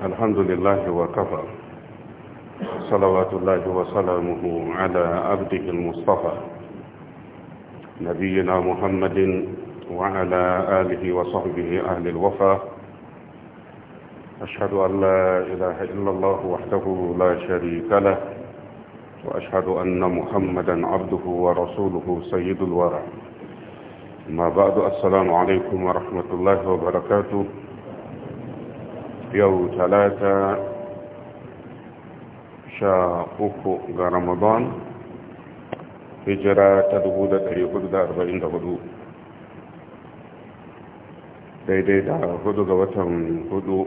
الحمد لله وكفى صلوات الله وسلامه على عبده المصطفى نبينا محمد وعلى آله وصحبه أهل الوفا أشهد أن لا إله إلا الله وحده لا شريك له وأشهد أن محمدا عبده ورسوله سيد الورع ما بعد السلام عليكم ورحمة الله وبركاته yau talata sha uku ga ramadan hijira ta 1444 daidai da hudu ga watan hudu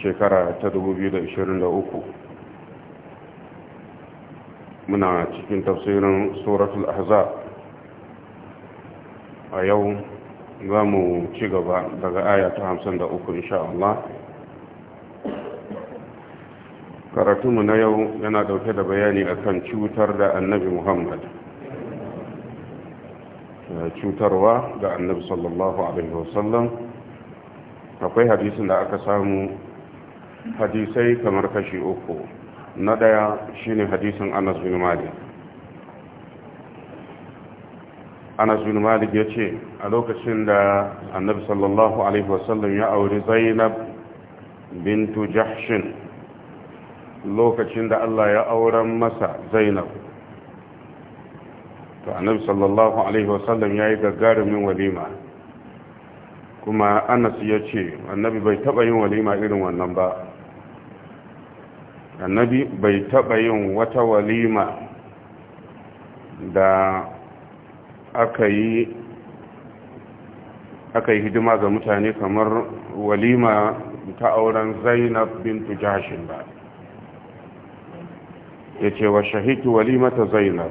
shekara ta 2023 muna cikin tafsirin suratul ahzab a yau za mu ci gaba daga aya ta hamsin da uku insha Allah karatunmu na yau yana dauke da bayani akan cutar da annabi muhammad eh, cutarwa ga annabi sallallahu alaihi wasallam akwai hadisin da aka samu hadisai kamar kashi uku na daya shine hadisin anas bin malik anas bin malik ya ce a lokacin da annabi sallallahu alaihi wasallam ya auri zainab bintu jahshin lokacin da allah ya auren masa zainab to annabi sallallahu alaihi wasallam ya yi gagarumin walima kuma anas ya ce annabi bai taba yin walima irin wannan ba annabi bai taba yin wata walima da aka yi hidima ga mutane kamar walima ta auren zainab bintu jashin ba ya ce wa shahitu walimata zainab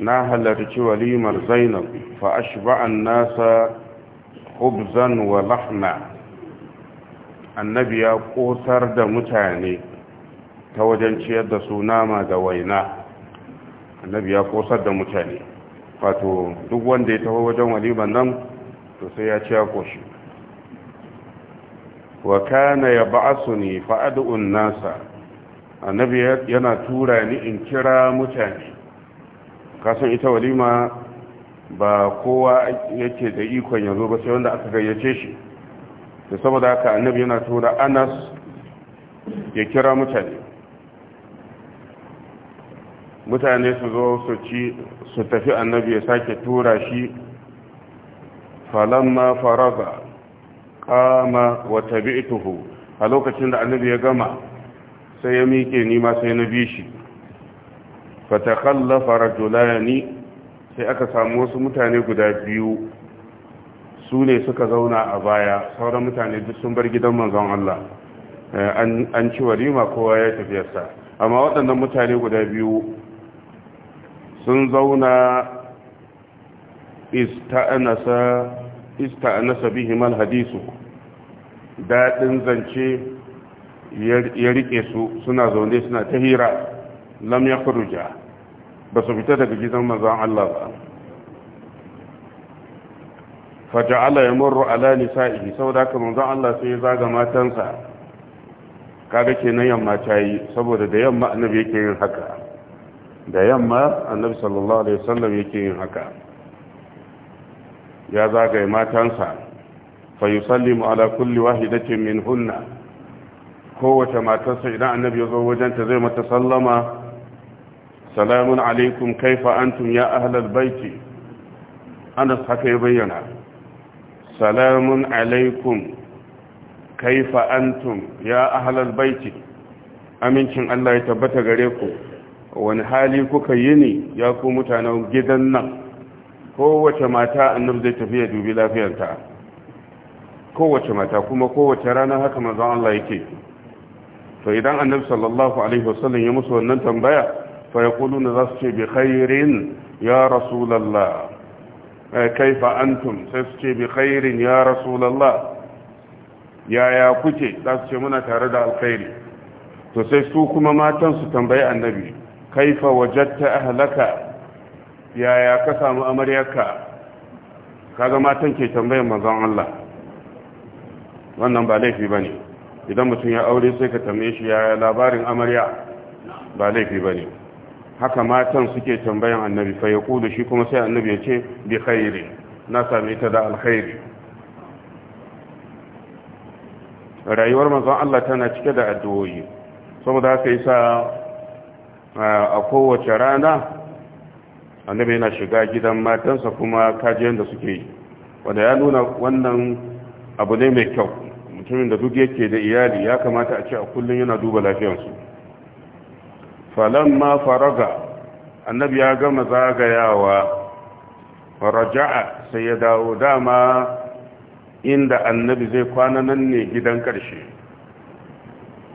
na halarci walimar zainab fa ashba'an nasa hubzan wa lahna annabi ya kosar da mutane ta wajen ciyar da su nama da waina annabi ya kosar da mutane wato duk wanda ya taho wajen waliman nan to sai ya ci ya koshi wa kana ya ba'asu ne fa'adu'un nasa annabi yana tura ni in kira mutane kasan ita walima ba kowa yake da ikon yanzu ba sai wanda aka gayyace shi da saboda haka annabi yana tura anas ya kira mutane mutane su zo su ci su tafi annabi ya sake tura shi falamma faraga kama wa tabi'tuhu a lokacin da annabi ya gama sai ya miƙe ni ma sai na bi shi fatakallafa rajulani sai aka samu wasu mutane guda biyu su ne suka zauna a baya sauran mutane duk sun bar gidan manzon Allah eh, an ci walima kowa ya tafiyarsa amma waɗannan mutane guda biyu sun zauna ista'anasa man hadisu daɗin zance ya riƙe su suna zaune suna ta hira lam ya kuruja ba su fita daga gidan mazan Allah ba faja'ala ya murru ala nisa'ihi saboda haka mazan Allah sai ya zaga matansa kaga kenan yamma ta yi saboda da yamma annabi yake yin haka da yamma annabi sallallahu alaihi wasallam yake yin haka ya zagaye matansa fa yusallimu ala kulli wahidatin min hunna kowace matarsa idan annabi ya zo wajenta zai mata sallama salamun alaikum kaifa antum ya ahlal baiti anas haka ya bayyana salamun alaikum kaifa antum ya ahlal baiti amincin Allah ya tabbata gare ku wani hali kuka yi ne ya ku mutanen gidan nan kowace mata annab zai tafi ya dubi lafiyarta kowace mata kuma kowace rana haka manzon Allah yake to idan annabi sallallahu alaihi wasallam ya musu wannan tambaya fa yaquluna za su ce bi khairin ya rasulullah eh, kaifa antum sai su ce bi khairin ya rasulullah yaya kuke za su ce muna tare da alkhairi to sai su kuma matan su tambayi annabi kaifa wajatta ahlaka yaya ka samu amaryarka kaga matan ke tambayar manzon Allah wannan ba laifi bane idan mutum ya aure sai ka tambaye shi ya labarin amarya ba laifi bane haka matan suke tambayan annabi fa yaqulu shi kuma sai annabi ya ce bi khairi na same ta da alkhairi rayuwar manzon Allah tana cike da addu'o'i saboda haka yasa a kowace rana annabi yana shiga gidan matansa kuma kajiyar da suke yi wanda ya nuna wannan abu ne mai kyau mutumin da duk yake da iyali ya kamata a ce a kullum yana duba lafiyarsu falamma faraga annabi ya gama zagayawa raja'a sai ya dawo dama inda annabi zai kwana nan ne gidan karshe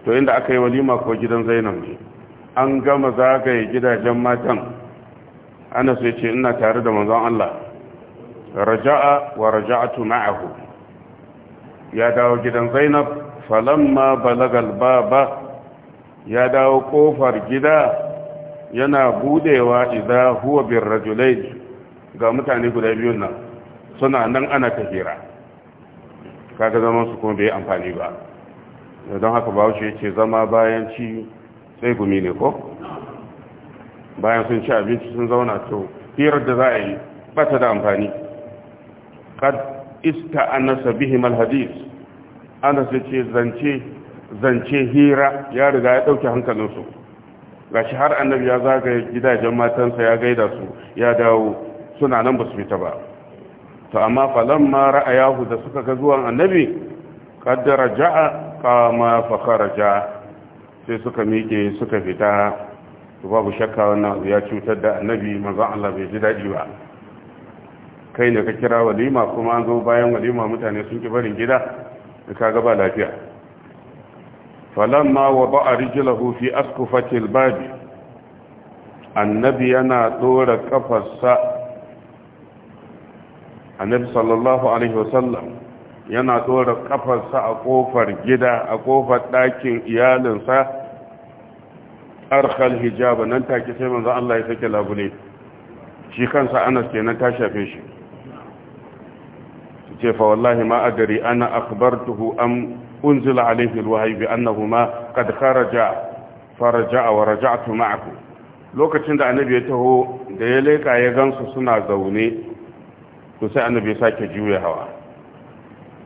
to inda aka yi walima ko gidan zainab ne an gama zagaye gidajen matan ana sai ce ina tare da manzon Allah raja'a wa raja'atu ma'ahu ya dawo gidan Zainab falamma balagal baba ya dawo kofar gida yana budewa idza huwa birrajulain ga mutane guda biyu nan suna nan ana tafira kaga zaman su kuma bai amfani ba don haka bawo ce zama bayan ci sai gumi ne ko bayan sun ci abinci sun zauna to hirar da za a yi bata da amfani kad ista anasa bihim alhadis anas ce zance zance hira ya riga ya dauke hankalinsu gashi har annabi ya zagaye gidajen matansa ya gaida su ya dawo suna nan ba su fita ba to amma falamma ra'ayahu da suka ga zuwan annabi qad raja'a kama fa kharaja sai suka miƙe suka fita babu shakka wannan ya cutar da annabi manzon Allah bai ji daɗi ba kai ne ka kira walima kuma an zo bayan walima mutane sun ki barin gida da ka gaba lafiya falamma wa ba'a rijlahu fi askufatil babi annabi yana dora kafarsa annabi sallallahu alaihi wasallam yana dora kafarsa a kofar gida a kofar ɗakin iyalinsa arkal hijaba nan take sai manzo Allah ya sake labule shi kansa Anas kenan ta shafe shi ce fa wallahi ma adari ana akhbartuhu am unzila alayhi alwahyi bi annahu ma qad kharaja faraja wa raja'tu ma'akum lokacin da annabi ya taho da ya leka ya gansu suna zaune to sai annabi ya sake juya hawa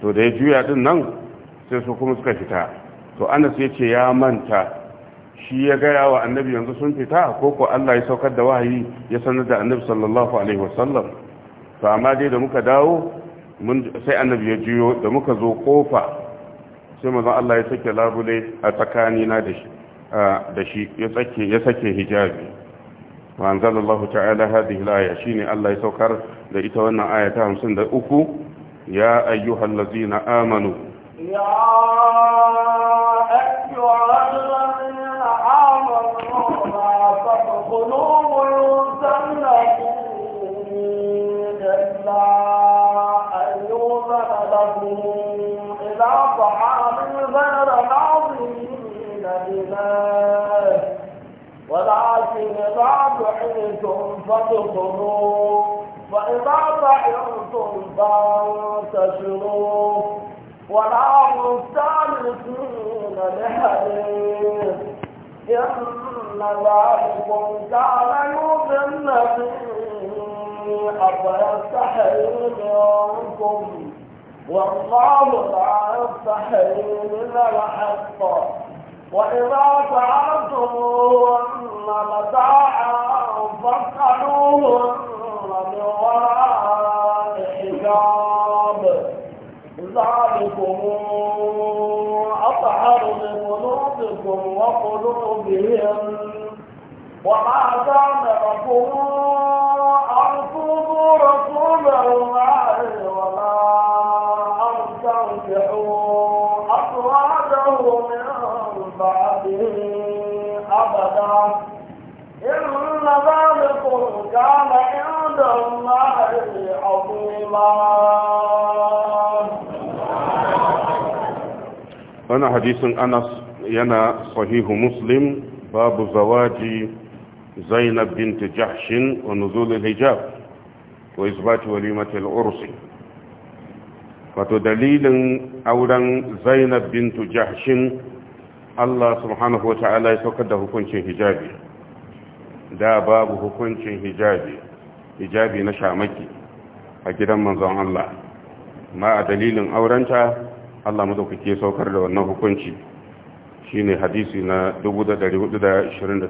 to da ya juya din nan sai su kuma suka fita to anas ya ce ya manta shi ya gaya wa annabi yanzu sun fita ko ko Allah ya saukar da wahayi ya sanar da annabi sallallahu alaihi wasallam to amma dai da muka dawo mun sai annabi ya juyo da muka zo kofa sai manzon Allah ya sake labule a tsakani na da shi da shi ya sake ya sake hijabi wa anzalallahu ta'ala hadhihi al-aya shine Allah ya saukar da ita wannan aya ta 53 يا أيها الذين آمنوا يا أيها الذين آمنوا لا تدخلوا بيوتا إلا أن يوزن لكم إلى طعام غير ناظرين بناه ولكن إذا دعيتم فادخلوا فإذا طعمتم فانتشروا ولا مستأنسين لحديث إن ذلكم كان يؤذي النبي أفيستحيي منكم والله لا يستحيي من الحق وإذا سألتموهن متاعا فاسألوهن من وراء حجاب ذلكم أطهر لقلوبكم وقلوبهم وما كان لكم أن تؤذوا رسول الله ولا أن تنكحوا أزواجه من بعده أبدا إن ذلكم كان إن wani hadisin anas yana sahihu muslim babu zawaji zainab binti jahshin wa nuzulul hijab wa isbati walimatul ursi wato dalilin auren zainab binti jahshin Allah subhanahu wa ta'ala ya saukar da hukuncin hijabi da babu hukuncin hijabi ijabi na shamaki a gidan manzon Allah ma a dalilin aurenta Allah madaukake saukar da wannan hukunci shine hadisi na 1428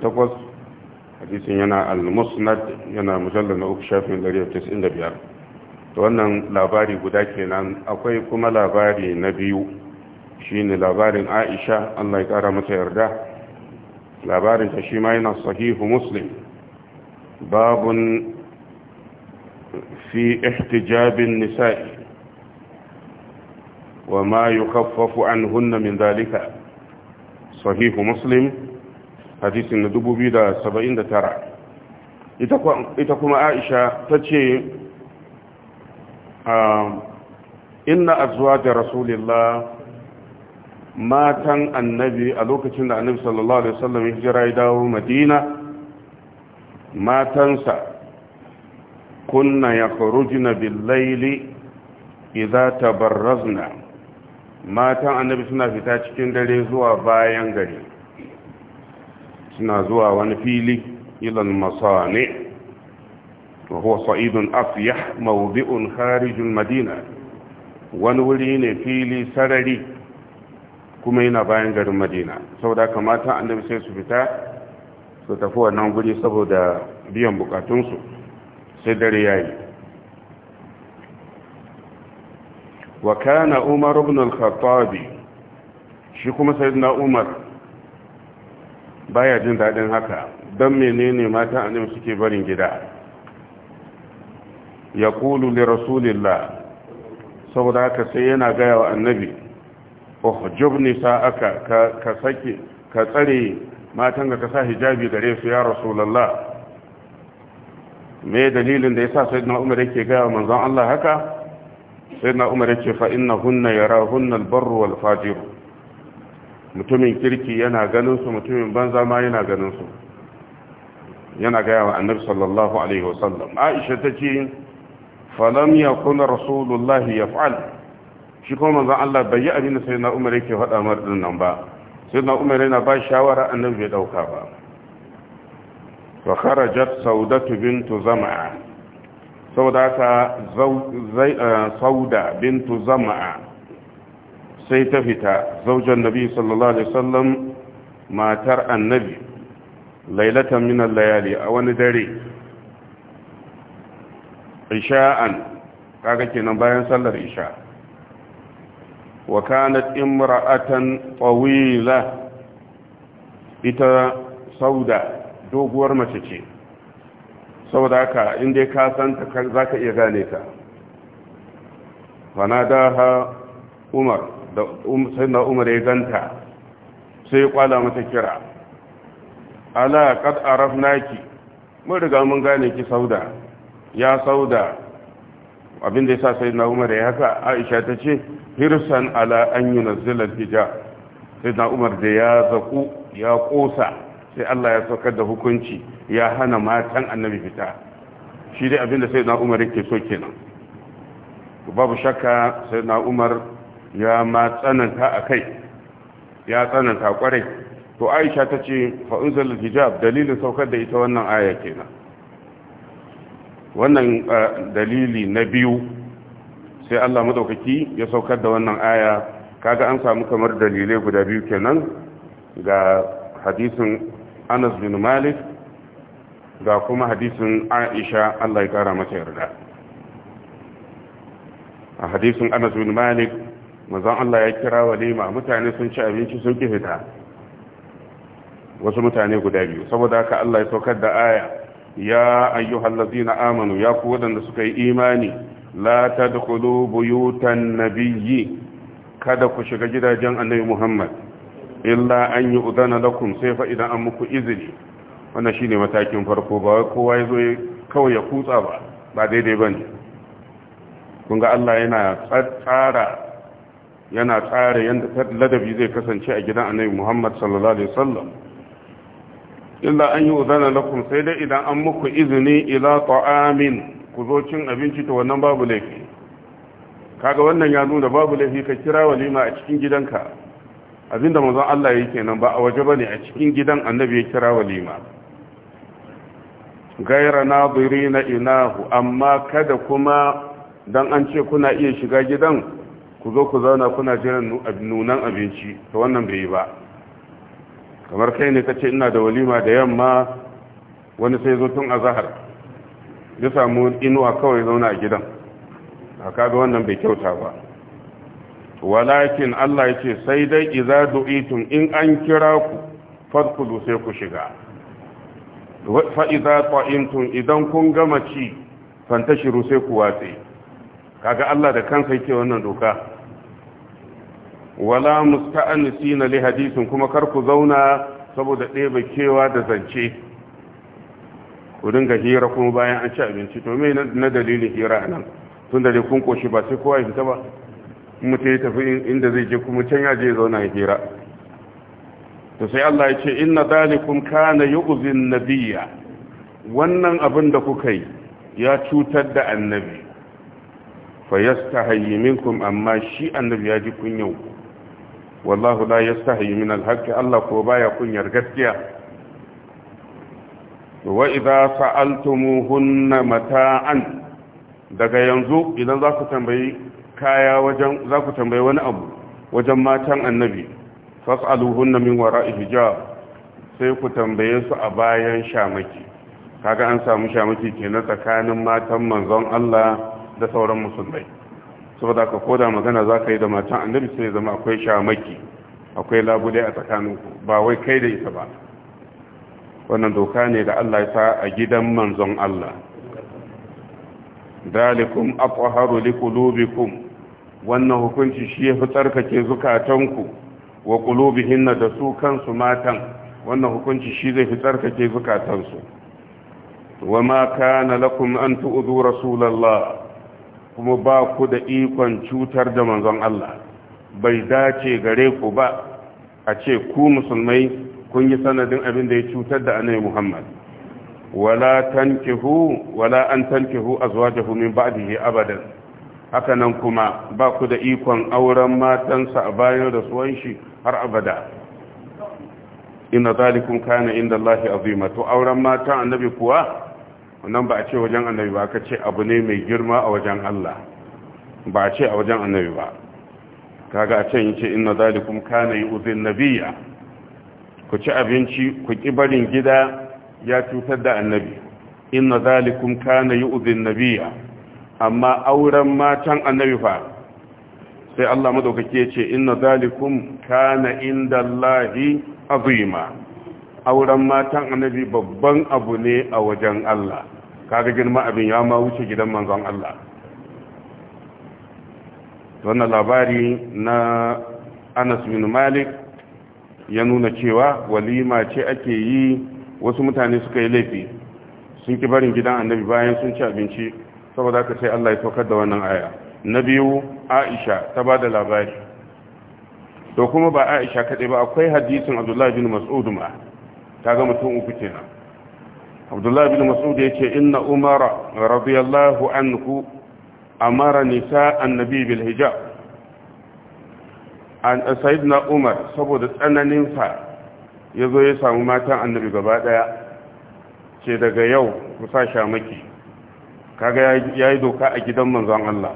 hadisin yana al-musnad yana mujallal na uku shafin 195 to wannan labari guda kenan akwai kuma labari na biyu shine labarin Aisha Allah ya kara mata yarda labarin ta shi ma yana sahihu muslim babun في احتجاب النساء وما يخفف عنهن من ذلك صحيح مسلم حديث ندبو بيدا سبعين ترى إتكما عائشة تتشي إن أزواج رسول الله matan annabi a lokacin da annabi sallallahu alaihi wasallam ya hijira ya dawo madina matansa kunna ya khurujna billaili idza tabarrazna matan annabi suna fita cikin dare zuwa bayan gari suna zuwa wani fili ilan masani wa huwa sa'idun afyah mawdi'un kharijul madina wani wuri ne fili sarari kuma yana bayan garin madina saboda kamata annabi sai su fita su tafi wannan guri saboda biyan bukatunsu sai dare yayi wa kana umar ibn al-khattab shi kuma sayyidina umar baya jin daɗin haka dan menene mata annabi suke barin gida kulu li rasulillah saboda haka sai yana gaya wa annabi uhjubni sa'aka ka sake ka tsare matan ka sa hijabi gare su ya rasulullah me dalilin da ya sa sayyidina umar yake ga manzon Allah haka sayyidina umar yake fa innahunna yarahunna albarru wal fajir mutumin kirki yana ganin su mutumin banza ma yana ganin su yana gaya wa annabi sallallahu alaihi wasallam aisha tace falam yakun rasulullahi yaf'al shi kuma manzon Allah bai yi abin da sayyidina umar yake faɗa mar din nan ba sayyidina umar yana ba shawara annabi bai dauka ba wa kharajat saudatu bintu zama'a saboda ta eh, sauda bintu zama'a sai ta fita zaujan nabi sallallahu alaihi wasallam matar annabi lailatan min al-layali a wani dare isha'an kaga kenan bayan sallar isha wa kanat imra'atan tawila ita sauda doguwar mace ce saboda haka inda ka san ta za ka iya gane ta fana da ha umar da um, na umar ya ganta sai ya kwala mata kira ala kad arafnaki mun riga mun gane ki sauda ya sauda abin da yasa sai na umar ya haka aisha ta ce hirsan ala an yunazzila hijab sai na umar da ya zaku ya kosa sai Allah ya saukar da hukunci ya hana matan annabi fita shi dai abinda sai na umar yake so kenan babu shakka sai na umar ya ma tsananta a kai ya tsananta kwarai to aisha ta ce fa'unzar hijab dalilin saukar da ita wannan aya kenan wannan dalili na biyu sai Allah madaukaki ya saukar da wannan aya kaga an samu kamar dalilai guda biyu kenan ga hadisin anas bin malik ga kuma hadisin aisha allah ya kara mata yarda a hadisin anas bin malik mazan allah ya kira walima mutane sun ci abinci sun ki fita wasu mutane guda biyu saboda haka allah ya saukar da aya ya ayyuhal ladzina amanu ya ku wadanda suka yi imani la tadkhulu buyutan nabiyyi kada ku shiga gidajen annabi muhammad illa an yi udana lakum sai fa idan an muku izini wannan shine matakin farko ba kowa ya zo kawai ya kutsa ba ba daidai ba ne Kun ga Allah yana tsara yana tsara yadda ladabi zai kasance a gidan annabi Muhammad sallallahu alaihi wasallam illa an yi udana lakum sai dai idan an muku izini ila ta'amin ku zo cin abinci to wannan babu laifi kaga wannan ya nuna babu laifi ka kira walima a cikin gidanka abinda manzon Allah yake nan ba a waje bane a cikin gidan annabi ya kira walima gaira nadirina inahu amma kada kuma dan an ce kuna iya shiga gidan ku zo ku zauna kuna jiran nunan abinci to wannan bai yi ba kamar kai ne kace ina da walima da yamma wani sai zo tun azhar ya samu inuwa kawai zauna a gidan ga wannan bai kyauta ba walakin Allah yace sai dai iza du'itun in an kira ku fadkulu sai ku shiga fa iza idan kun gama ci fantashiru sai ku watse kaga Allah da kansa yake wannan doka wala musta'anisina li hadisin kuma kar ku zauna saboda ɗeba kewa da zance ku dinga hira kuma bayan an ci abinci to me na dalilin hira nan tunda da dai kun koshi ba sai kowa ya fita ba mutu ya tafi inda zai je kuma can ya je zauna ya hira to sai Allah ya ce inna zalikum kana yu'zin nabiyya wannan abin da kuka yi ya cutar da annabi fa yastahi minkum amma shi annabi ya ji kunyau wallahu la yastahi min alhaki, Allah ko baya kunyar gaskiya wa idza sa'altumuhunna mata'an daga yanzu idan za ku tambayi kaya wajen za ku tambayi wani abu wajen matan annabi fas'aluhunna min wara'i hijab sai ku tambaye su a bayan shamaki kaga an samu shamaki na tsakanin matan manzon Allah da sauran musulmai saboda ka koda magana za ka yi da matan annabi sai zama akwai shamaki akwai labule a tsakaninku ba wai kai da ita ba wannan doka ne da Allah ya sa a gidan manzon Allah dalikum aqharu liqulubikum wannan hukunci shi ya fi tsarkake zukatanku wa qulubihinna da su kansu matan wannan hukunci shi zai fi tsarkake zukatansu wa ma kana lakum an tu'udu rasulallah kuma ba ku da ikon cutar da manzon Allah bai dace gare ku ba a ce ku musulmai kun yi sanadin abin da ya cutar da annabi Muhammad wala tankihu wala an tankihu azwajahu min ba'dihi abadan haka nan kuma ba ku da ikon auren matansa a bayan rasuwan shi har abada inna zalikun kana inda Allah azima to auren matan annabi kuwa wannan ba a ce wajen annabi ba aka ce abu ne mai girma a wajen Allah ba a ce a wajen annabi ba kaga a can yace inna zalikum kana yu'zin nabiyya ku ci abinci ku ki barin gida ya cutar da annabi inna zalikum kana yu'zin nabiyya amma auren matan annabi fa sai Allah madaukake ya ce inna zalikum kana indallahi azima auren matan annabi babban abu ne a wajen Allah kaga girma abin ya ma wuce gidan manzon Allah wannan labari na Anas bin Malik ya nuna cewa walima ce ake yi wasu mutane suka yi laifi sun ki barin gidan annabi bayan sun ci abinci saboda ka sai Allah ya saukar da wannan aya na biyu Aisha ta ba da labari to kuma ba Aisha kadai ba akwai hadisin Abdullahi bin Mas'ud ma kaga mutum uku kenan Abdullahi bin Mas'ud yace inna Umar radiyallahu anhu amara nisa annabi bil hijab an sayyidina Umar saboda tsananin sa yazo ya samu matan annabi gaba daya ce daga yau ku sa shamaki kaga yayi doka a gidan manzon Allah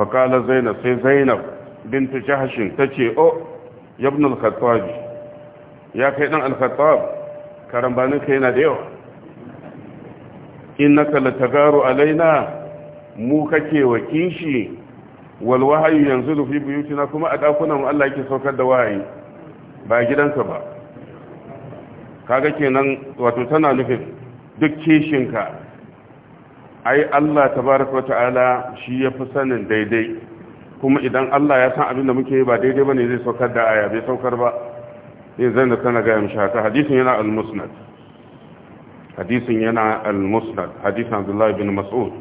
kala zainab sai zainab bint jahsh tace o ibn al-khattab ya kai dan al-khattab karambanin kai yana da yawa innaka latagaru alaina mu kake wakishi wal wahayu yanzu fi buyutina kuma a dakunan mu Allah yake saukar da wahayi ba gidansa ba kaga kenan wato tana nufin duk kishinka ai Allah tabaraka wa shi ya fi sanin daidai kuma idan Allah ya san abin da muke yi ba daidai bane zai saukar da aya bai saukar ba sai eh, zan da kana ga mishi haka hadisin yana al-musnad hadisin yana al-musnad hadisin Abdullah ibn Mas'ud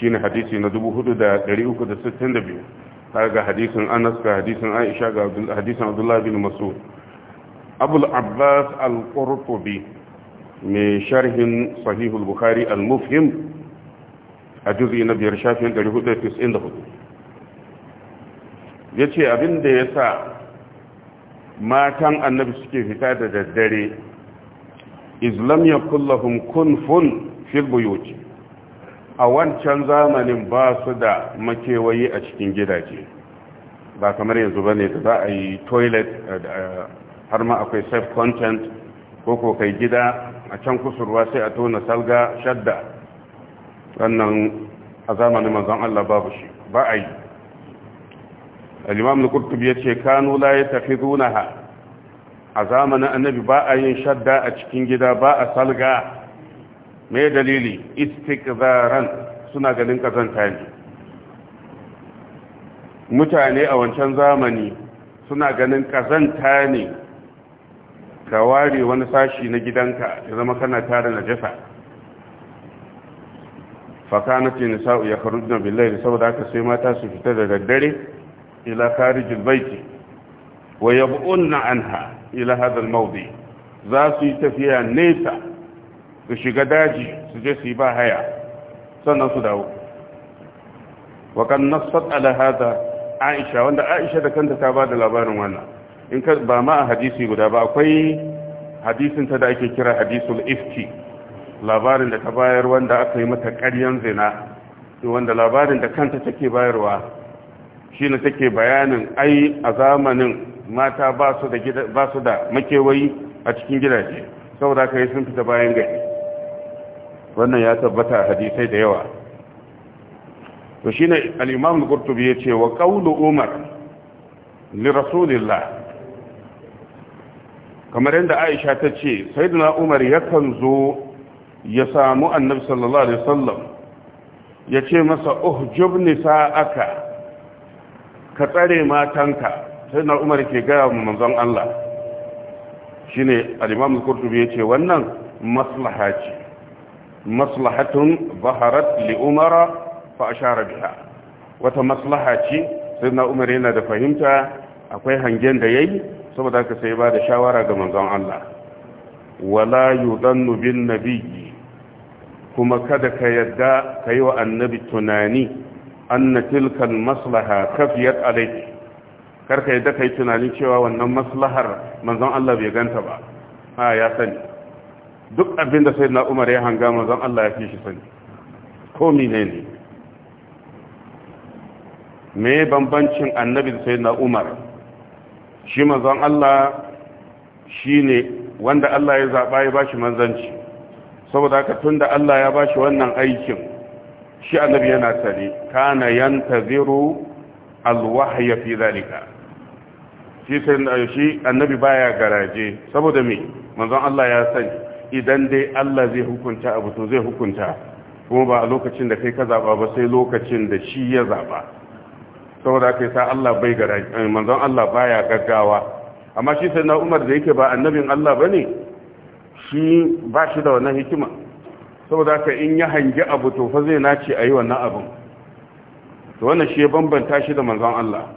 shine hadisi na 4362 kaga hadisin Anas ga hadisin Aisha ga hadisin Abdullah ibn Mas'ud Abul Abbas al-Qurtubi mai sharhin Sahih al-Bukhari al-Mufhim a juzi na biyar shafin 494 ya ce abinda ya sa matan annabi suke fita da daddare islam ya kullahun kunfun filbuyoci a wancan zamanin ba su da makewayi a cikin gidaje ba kamar yanzu ba ne da za a yi toilet eh, eh, har ma akwai safe content ko kai gida a can kusurwa sai a tona salga shadda wannan a zamanin manzon Allah babu shi ba a yi al-imam al-qurtubi yace kanu la yatakhidunaha a zamanin annabi ba a yin shadda a cikin gida ba a salga mai dalili istikzaran suna ganin kazanta ne mutane a wancan zamani suna ganin kazanta ne ka ware wani sashi na gidanka ya zama kana tare najasa fakanati sa'u ya kharujna billahi saboda haka sai mata su fita da daddare ila kharijil baiti wa yab'unna anha ila hadha maudi? za su yi tafiya nesa su shiga daji su je su yi ba haya sannan su dawo wa kan ala aisha wanda aisha da kanta ta ba da labarin wannan in ka ba ma a hadisi guda ba akwai hadisinta da ake kira hadisul ifti. labarin da ta bayar wanda aka yi mata ƙaryan zina wanda labarin da kanta take bayarwa shi ne take bayanin ai a zamanin mata ba su da makewayi a cikin gidaje saboda ka yi sun fita bayan gari wannan ya tabbata hadisai da yawa to shi ne al'imam al-kurtubi ya ce wa ƙaunar umar li rasulillah kamar yadda aisha ta ce sai umar yakan zo ya samu annabi sallallahu alaihi wasallam ya ce masa uhjub aka? ka tsare matanka sai na umar ke gaya wa manzon Allah ne al-imam al-qurtubi yace wannan maslaha ce maslahatun zaharat li umara fa ashara biha wata maslaha ce sai na umar yana da fahimta akwai hangen da yayi saboda haka sai ba da shawara ga manzon Allah wala yudannu bin nabiyyi kuma kada ka yadda ka yi wa annabi tunani anna tilkan maslaha kafiyat alayki kar ka yadda ka yi tunanin cewa wannan maslahar manzon Allah bai ganta ba a ya sani duk abin da na Umar ya hanga manzon Allah ya fi shi sani ko ne. me bambancin annabi da na Umar shi manzon Allah shi ne wanda Allah ya zaba ya shi manzanci saboda haka tun da Allah ya bashi wannan aikin shi annabi yana tsare kana yantaziru alwahya fi zalika shi shi annabi baya garaje saboda me manzon Allah ya sani idan dai Allah zai hukunta abu to zai hukunta kuma ba a lokacin da kai ka zaba ba sai lokacin da shi ya zaba saboda kai sa Allah bai garaje eh, manzon Allah baya gaggawa amma shi sai na Umar da yake ba annabin Allah bane shi ba shi da wannan hikima saboda ka in ya hangi abu to fa zai nace a yi wannan abu. to wannan shi ya bambanta shi da manzon Allah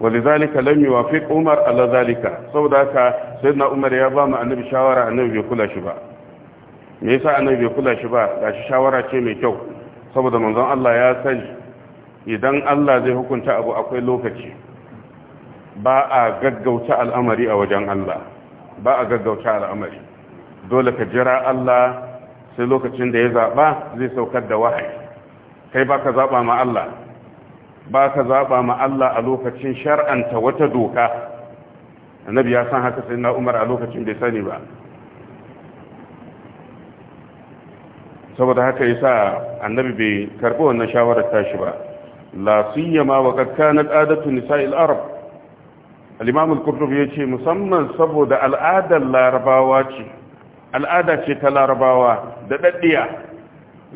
walizalika lam yuwafiq Umar ala zalika saboda ka sayyidina Umar ya ba mu annabi shawara annabi bai kula shi ba me yasa annabi bai kula shi ba shi shawara ce mai kyau saboda manzon Allah ya sani idan Allah zai hukunta abu akwai lokaci ba a gaggauta al'amari a wajen Allah ba a gaggauta al'amari dole ka jira Allah sai lokacin da ya zaɓa zai saukar da wahayi kai ba ka zaɓa ma Allah ba ka zaɓa ma Allah a lokacin shar'anta wata doka annabi ya san haka sai na umar a lokacin bai sani ba saboda haka yasa annabi bai karɓi wannan shawarar tashi ba la siyama wa qad kanat adatu nisa'il arab al-imam ya ce musamman saboda al'adar larabawa ce al'ada ce ta larabawa da daddiya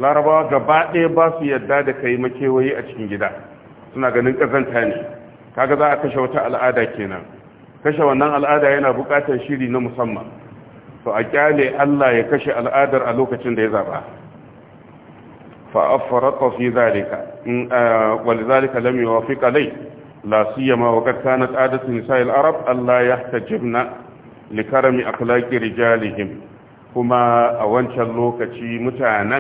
larabawa gaba ɗaya ba su yadda da kai makewayi a cikin gida suna ganin kazanta ne kaga za a kashe wata al'ada kenan kashe wannan al'ada yana buƙatar shiri na musamman to a kyale Allah ya kashe al'adar a lokacin da ya zaba fa afarata fi zalika eh, wani zalika lam fi ƙalai لا سيما وقد كانت عادة نساء العرب ألا يحتجبن لكرم أخلاق رجالهم كما أوانش اللوكة متانا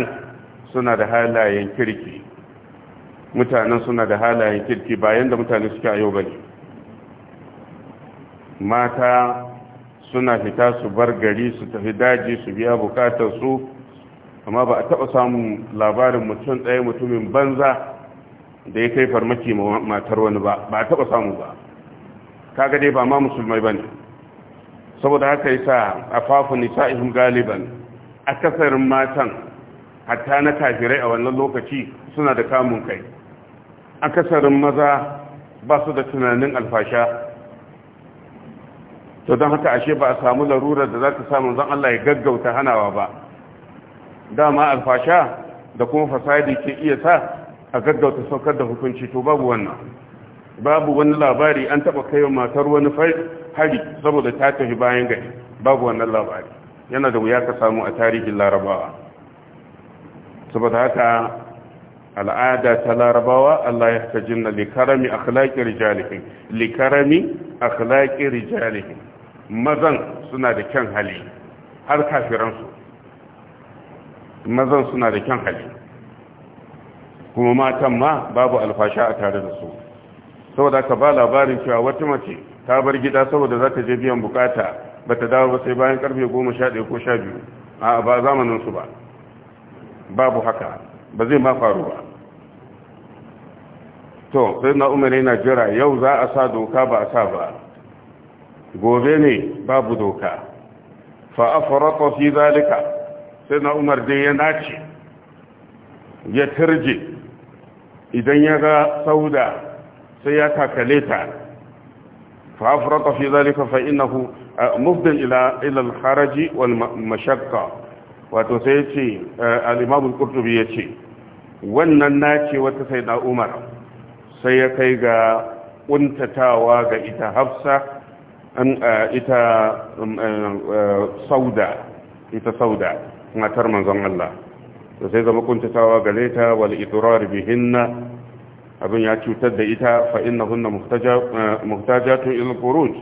سنة هالا ينكركي متانا سنة هالا ينكركي باين دا متانا سكا يوبني ماتا suna fita su bar gari su tafi daji su biya bukatar su amma ba a taba samun labarin mutum ɗaya mutumin banza da ya kai farmaki ma matar wani ba ba taɓa samu ba kaga dai ba ma musulmai bane saboda haka yasa sa a fafu nisa'ihim galiban akasarin matan hatta na kafirai a wannan lokaci suna da kamun kai akasarin maza ba su da tunanin alfasha to don haka ashe ba a samu larurar da za ta samu zan Allah ya gaggauta hanawa ba dama alfasha da kuma fasadi ke iya sa a gaggauta saukar da hukunci to babu wannan babu wani labari an taba kaiwa matar wani hari saboda ta tafi bayan gari babu wannan labari yana da wuya ka samu a tarihin larabawa saboda haka al'ada ta larabawa Allah ya li karami akhlaqi li karami akhlaqi rijalihi mazan suna da kyan hali har kafiransu mazan suna da kyan hali kuma matan ma babu alfasha a tare da su saboda ka ba labarin cewa wata mace ta bar gida saboda za ta je biyan bukata ba ta dawo ba sai bayan karfe goma sha ɗaya ko sha biyu a ba zamaninsu ba babu haka ba zai ma faru ba to sai na umar yana jira yau za a sa doka ba a sa ba gobe ne babu doka fa afarata fi zalika sai na umar dai ya nace ya turje idan ya ga sauda sai ya takale ta fa afrata fi zalika fa innahu mufdin ila ila al-haraji wal mashaqqa wato sai yace al-imam al-qurtubi yace wannan nace wata da umar sai ya kai ga kuntatawa ga ita hafsa ita um, sauda ita sauda matar manzon Allah to sai zama kuntatawa gare ta wal idrar bihinna abin ya cutar da ita fa innahunna eh, muhtajatun ila furuj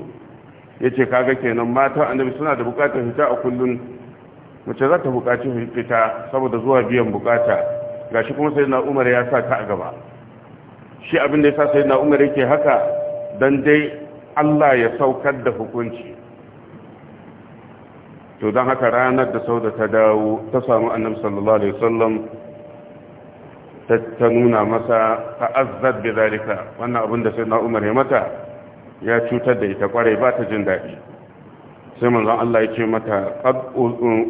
yace kaga kenan mata annabi suna da bukatar hita a kullun mace za ta bukaci fita saboda zuwa biyan bukata gashi kuma sayyidina Umar ya sa ta a gaba shi abin da yasa sayyidina Umar yake haka dan dai Allah ya saukar da hukunci to don haka ranar da sauda ta dawo ta samu annabi sallallahu alaihi wasallam ta nuna masa ta'azzar bi zalika wannan abin da sai na umar ya mata ya cutar da ita kwarai ba ta jin daɗi sai manzon Allah ya ce mata qad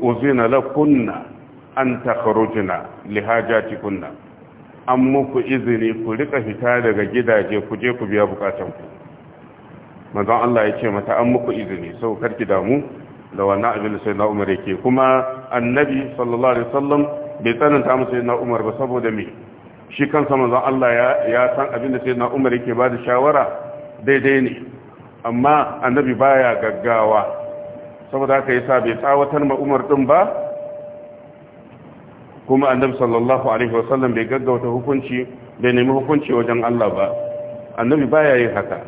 uzina lakunna an takhrujna li hajatikunna an muku izini ku rika fita daga gidaje ku je ku biya bukatun manzon Allah ya ce mata an muku izini sau karki damu da wannan abin da sai na umar yake kuma annabi sallallahu alaihi wasallam bai tsananta musu sai na umar ba saboda me shi kansa manzon Allah ya ya san abin da sai na umar yake ba da shawara daidai ne amma annabi baya gaggawa saboda haka yasa bai tsawatar ma umar din ba kuma annabi sallallahu alaihi wasallam bai gaggauta hukunci bai nemi hukunci wajen Allah ba annabi baya yin haka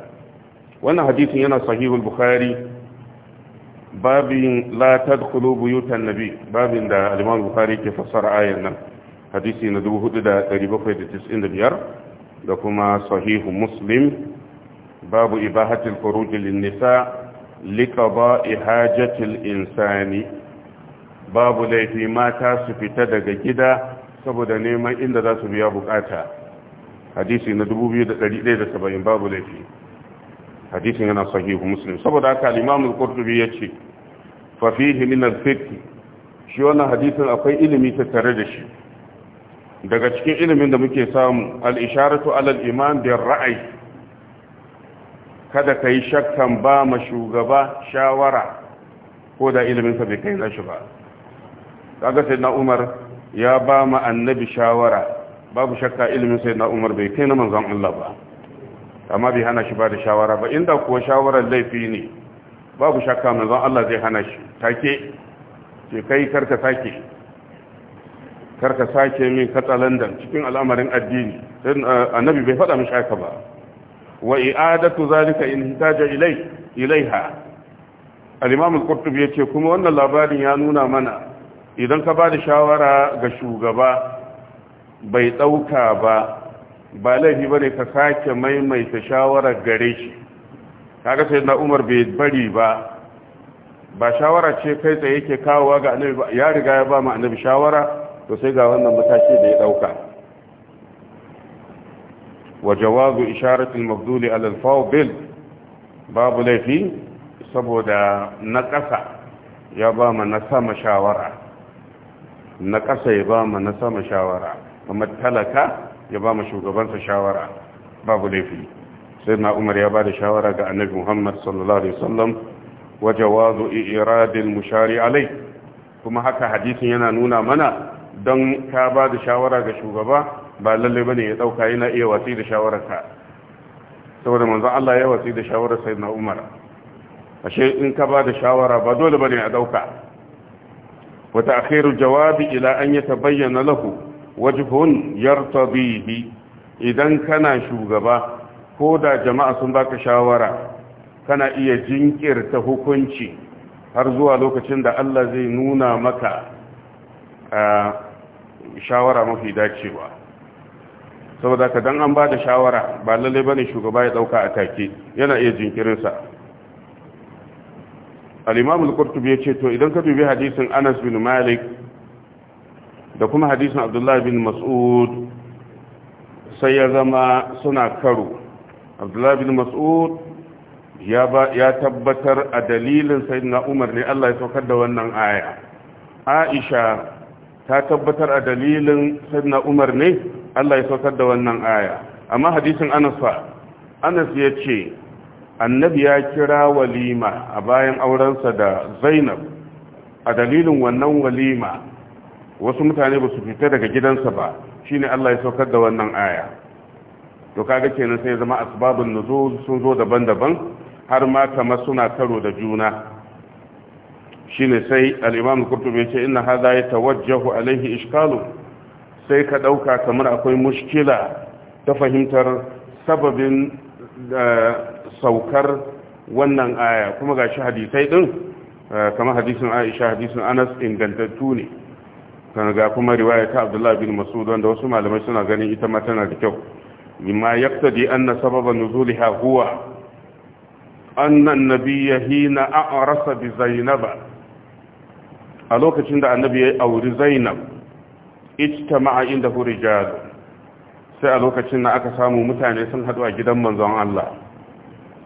wannan hadisin yana sahihul bukhari babin la tadkhulu buyutan nabi babin da al-imam bukhari ke fassara ayan nan hadisi na 4795 da kuma sahihu muslim babu ibahatil furuj lin nisa liqada'i hajatil insani babu laifi mata su fita daga gida saboda neman inda za su biya bukata hadisi na 2170 babu laifi hadisin yana sahihu muslim saboda haka al-imam al-qurtubi yace fa fihi min al-fiqh shi wannan hadisin akwai ilimi tare da shi daga cikin ilimin da muke samu al-isharatu ala al-iman bir ra'ay kada kai shakkan ba ma shugaba shawara ko da ilimin sa bai kai na shi ba kaga sai na Umar ya ba ma annabi shawara babu shakka ilimin sai na Umar bai kai na manzon Allah ba amma bai hana shi ba da shawara ba inda kuwa shawarar laifi ne babu shakka zan Allah zai hana shi take ke kai karka sake karka sake min katsalandan cikin al'amarin addini eh, annabi bai faɗa mishi haka ba wa i'adatu zalika in hitaja ilai ilaiha al-imam al-qurtubi yace kuma wannan labarin ya nuna mana idan ka ba da shawara ga shugaba bai dauka ba ba laifi bane ka sake maimaita shawarar gare shi kaga sai na umar bai bari ba ba shawara ce kai tsaye yake kawowa ga annabi ba ya riga ya ba mu annabi shawara to sai ga wannan mataki da ya dauka wa jawazu isharatu al-mafduli ala al bil babu laifi saboda na kasa ya ba mu na sama shawara na kasa ya ba mu na sama shawara kuma talaka ya ba mu shugabansa shawara babu laifi sai na umar ya ba da shawara ga annabi muhammad sallallahu alaihi wasallam wa jawazu iradil mushari alai kuma haka hadisin yana nuna mana don ka ba da shawara ga shugaba ba lalle ne ya dauka yana iya wasi da shawararka saboda manzon Allah ya wasi da shawarar sai na umar ashe in ka ba da shawara ba dole ba ne a dauka wa ta'khiru jawabi ila an yatabayyana lahu wajhun yartadihi idan kana shugaba ko da jama'a sun baka shawara kana iya jinkirta hukunci har zuwa lokacin da Allah zai nuna maka shawara mafi dacewa saboda ka dan an ba da shawara ba lalle bane shugaba ya dauka a take yana iya jinkirinsa al-imam al-qurtubi yace to idan ka dubi hadisin Anas bin Malik da kuma hadisin abdullahi bin mas'ud sai ya zama suna karo abdullahi bin mas'ud ya tabbatar a dalilin sayyidina umar ne Allah ya saukar da wannan aya aisha ta tabbatar a dalilin sayyidina umar ne Allah ya saukar da wannan aya amma hadisin anas fa anas ya ce annabi ya kira walima a bayan aurensa da zainab a dalilin wannan walima wasu mutane ba su fita daga gidansa ba Shi ne Allah ya saukar da wannan aya to kaga kenan sai zama asbabun nuzul sun zo daban-daban har ma kamar suna karo da juna shine sai al-Imam Qurtubi ya ce inna hadha yatawajjahu Alayhi ishkalu sai ka dauka kamar akwai mushkila ta fahimtar sababin eh, saukar wannan aya kuma gashi hadisai din eh, kamar hadisin Aisha hadisin Anas ingantattu ne kan ga kuma riwaya ta abdullahi bin mas'ud wanda wasu malamai suna ganin ita ma tana da kyau bima yaqtadi anna sababa nuzuliha huwa anna an hina a'rasa bi zainaba a lokacin da annabi ya auri zainab ijtama'a inda rijal sai a lokacin da aka samu mutane sun hadu a gidan manzon Allah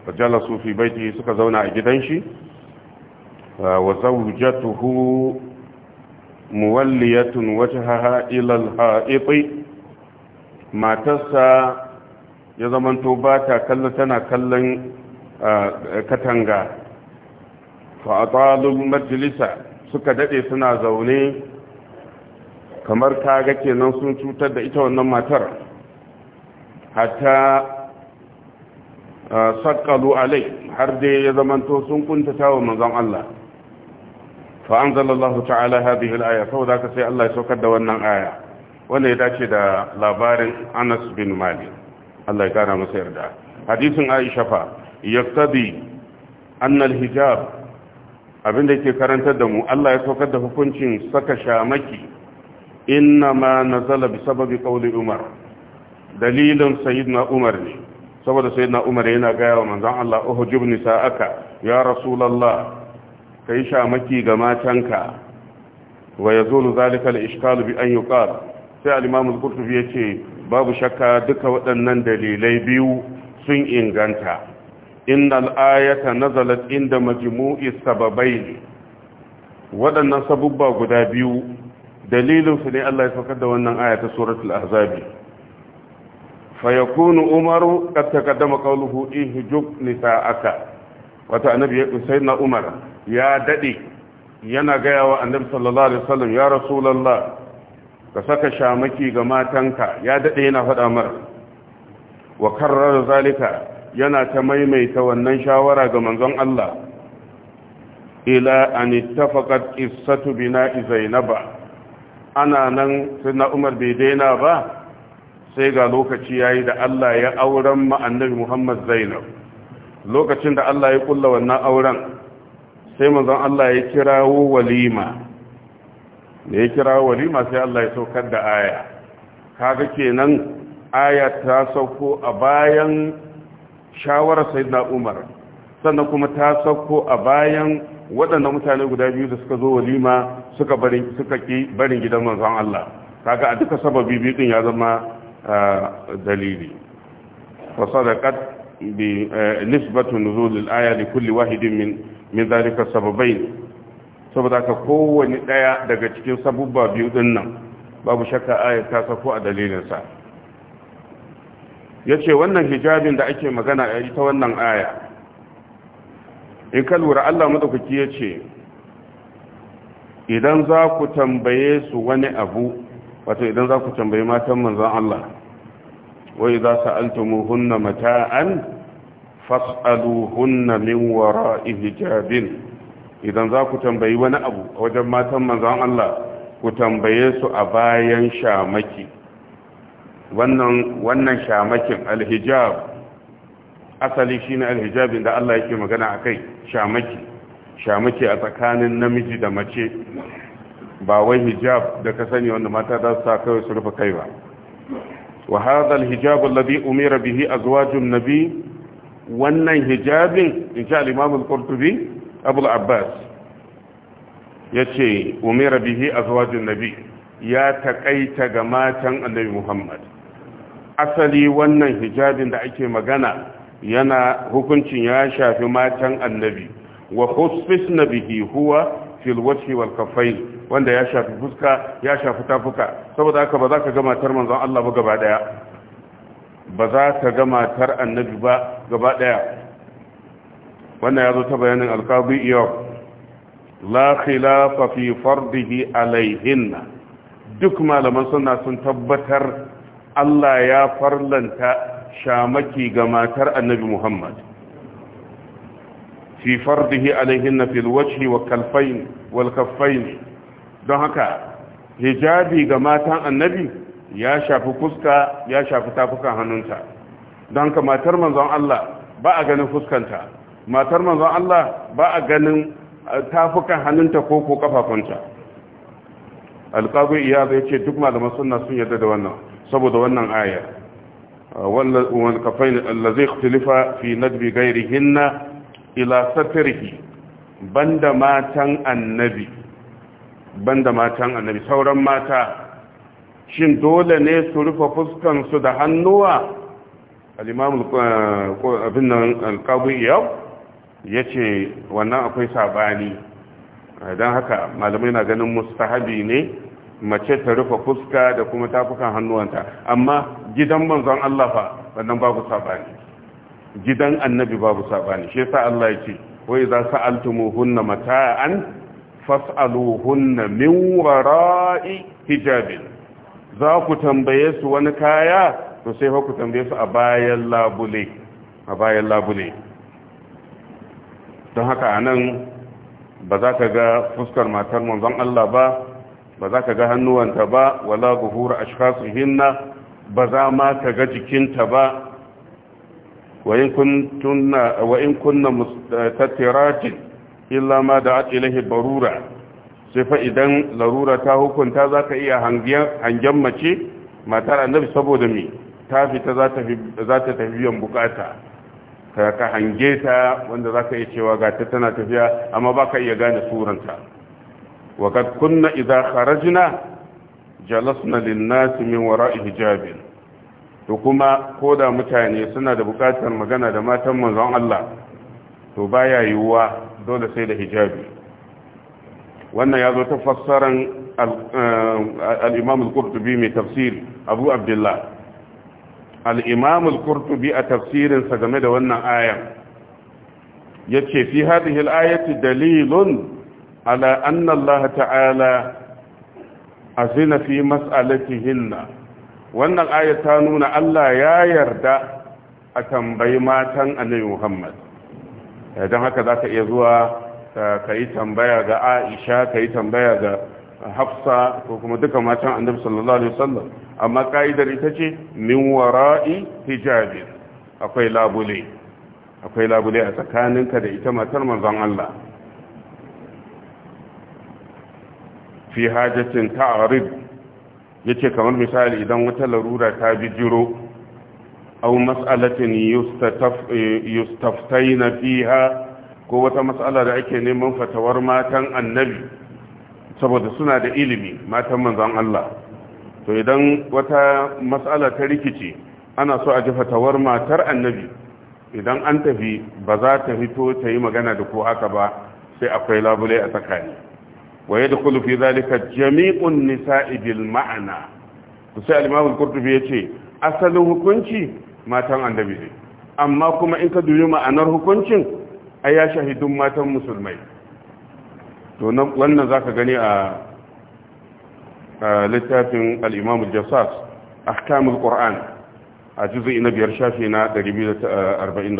fajalasu fi baiti suka zauna a gidan shi wa zawjatuhu muwalliyatun wajhaha ila al-ha'iqi matarsa ya zamanto ba ta kallon tana kallon katanga fa atalul majlisa suka dade suna zaune kamar kaga kenan sun cutar da ita wannan matar hatta sakkalu alai har dai ya zamanto sun kuntata wa manzon Allah fa anzalallahu ta'ala hadhihi al-aya saboda haka sai Allah ya saukar da wannan aya wanda ya dace da labarin Anas bin mali. Allah hadisin Aisha fa yaqtadi hijab abinda yake karantar da mu Allah ya saukar da hukuncin saka shamaki innama nazala bi sababi qawli Umar dalilin sayyidina Umar ne saboda sayyidina Umar yana gaya wa manzon Allah nisa sa'aka ya rasulullah ka yi shamaki ga matanka wa ya zonu zalikal ishkalu bi an yi sai alimamu kurtubi ya ce babu shakka duka waɗannan dalilai biyu sun inganta innal ayata nazalat inda majmu'i sababai waɗannan sabubba guda biyu dalilinsu ne Allah ya saukar da wannan aya ta suratul ahzabi fa yakunu umaru qad taqaddama qawluhu ihjuk aka. wata annabi sayyidina umar ya daɗe, yana gaya wa annabi sallallahu alaihi wasallam ya rasulullah ka saka shamaki ga matanka ya daɗe yana faɗa mar wa karrar zalika yana ta maimaita wannan shawara ga manzon Allah ila an ittafaqat qissatu bina'i zainaba ana nan sai na umar bai daina ba sai ga lokaci yayi da Allah ya auren ma annabi Muhammad Zainab lokacin da Allah ya kulla wannan auren sai manzon Allah ya kirawo walima da ya kirawo walima sai Allah ya saukar da aya kaga kenan aya ta sauko a bayan shawarar sayyidina Umar sannan kuma ta sauko a bayan waɗannan mutane guda biyu da suka zo walima suka barin suka ki barin gidan manzon Allah kaga a duka sababi biyu din ya zama dalili fa sadaqat bi eh, nisbatu nuzul aya li kulli wahidin min min zalika sababai saboda ka kowane daya daga cikin sabubba biyu din nan babu shakka ayat ta sako a dalilin sa yace wannan hijabin da ake magana a ita wannan aya in ka lura Allah madaukaki yace idan za ku tambaye su wani abu wato idan za ku tambaye matan manzon Allah wai za sa'altumuhunna mata'an fas'aluhunna min wara'i hijabin idan za ku tambayi wani abu a wajen matan manzon Allah ku tambaye su a bayan shamaki wannan shamakin alhijab asali shine alhijabin da Allah yake magana akai shamaki shamaki a tsakanin namiji da mace ba wai hijab da ka sani wanda mata za su sa kawai su rufe kai ba wa hadha alhijab alladhi umira bihi azwajun nabi wannan hijabin in sha al-imam al-qurtubi abul abbas yace umira bihi azwajun nabi ya takaita ga matan annabi muhammad asali wannan hijabin da ake magana yana hukuncin ya shafi matan annabi wa na bihi huwa fil wajhi wal wanda ya shafi fuska ya shafi tafuka saboda haka ba za ka ga matar manzon Allah ba gaba daya ba za ka ga matar annabi ba gaba daya wannan ya zo ta bayanin alkazi iyau la khilafa fi fardihi alaihinna duk malaman suna sun tabbatar Allah ya farlanta shamaki ga matar annabi Muhammad fi fardihi alaihinna fil wajhi wa kalfain wal kaffain don haka hijabi ga matan annabi ya shafi fuska ya shafi tafukan hannunta don ka matar manzon Allah ba a ganin fuskanta matar manzon Allah ba a ganin uh, tafukan hannunta ko ko kafafunta alƙabi iya zai ce duk malaman sunna sun yadda da wannan saboda wannan aya uh, Wannan kafain allazi ikhtilifa fi nadbi hinna ila satirki banda matan annabi banda matan annabi sauran mata shin dole ne su rufe fuskan su da hannuwa al'imamun abin nan alƙabin yau ya ce wannan akwai sabani don haka malamai na ganin mustahabi ne mace ta rufe fuska da kuma tafukan hannuwanta amma gidan manzon Allah fa wannan babu sabani gidan annabi babu sabani shi yasa Allah ya yake wai za sa'altumuhunna mata'an fas'aluhunna min wara'i hijabin za ku tambaye su wani kaya to sai ku tambaye su a bayan labule don haka anan ba za ka ga fuskar matar manzon Allah ba ba za ka ga hannuwanta ba wala guhura hinna, ba za ma ka ga jikinta ba wa in kunna mustatiratin illa ma da'at ilayhi barura sai fa idan larura ta hukunta za ka iya hangen mace matar annabi saboda me ta fita za ta tafiyan bukata ka hange ta wanda za ka iya cewa ga ta tana tafiya amma ba ka iya gane suranta wakad kunna idza kharajna jalasna lin linnati min wara'i hijabin to kuma koda mutane suna da bukatar magana da matan manzon Allah to baya yiwuwa dole sai da hijabi wannan ya zo ta fassaran eh, al'imam kurtubi mai tafsir abu abdullah al'imam kurtubi a tafsirinsa game da wannan ayan ya ce fi hadihil ayati dalilun ala annallaha ta'ala azina fi hinna wannan ayar ta nuna Allah ya yarda a tambayi matan annabi Muhammad eh, don haka zaka iya zuwa ka yi tambaya ga aisha ka yi tambaya ga hafsa ko kuma duka matan annabi sallallahu alaihi wasallam amma ka'idar ita ce min wara'i hijabin akwai labule akwai labule a tsakaninka da ita matar manzon Allah fi hajatin ta'arib yace kamar misali idan wata larura ta bijiro aw mas'alatin yustaftaina fiha ko wata matsala da ake neman fatawar matan annabi saboda suna da ilimi matan manzan Allah to idan wata matsala ta rikici ana so a ji fatawar matar annabi idan an tafi ba za ta fito ta yi magana da ko haka ba sai akwai labule a tsakani waye da fi zalika jami'un nisa'i bil ma'ana to sai al-imam qurtubi yace asalin hukunci matan annabi ne amma kuma in ka dubi ma'anar hukuncin ai ya shahidun matan musulmai to wannan za ka gani a littafin al-Imam al-Jassas ahkamul a juzu na biyar shafi na 143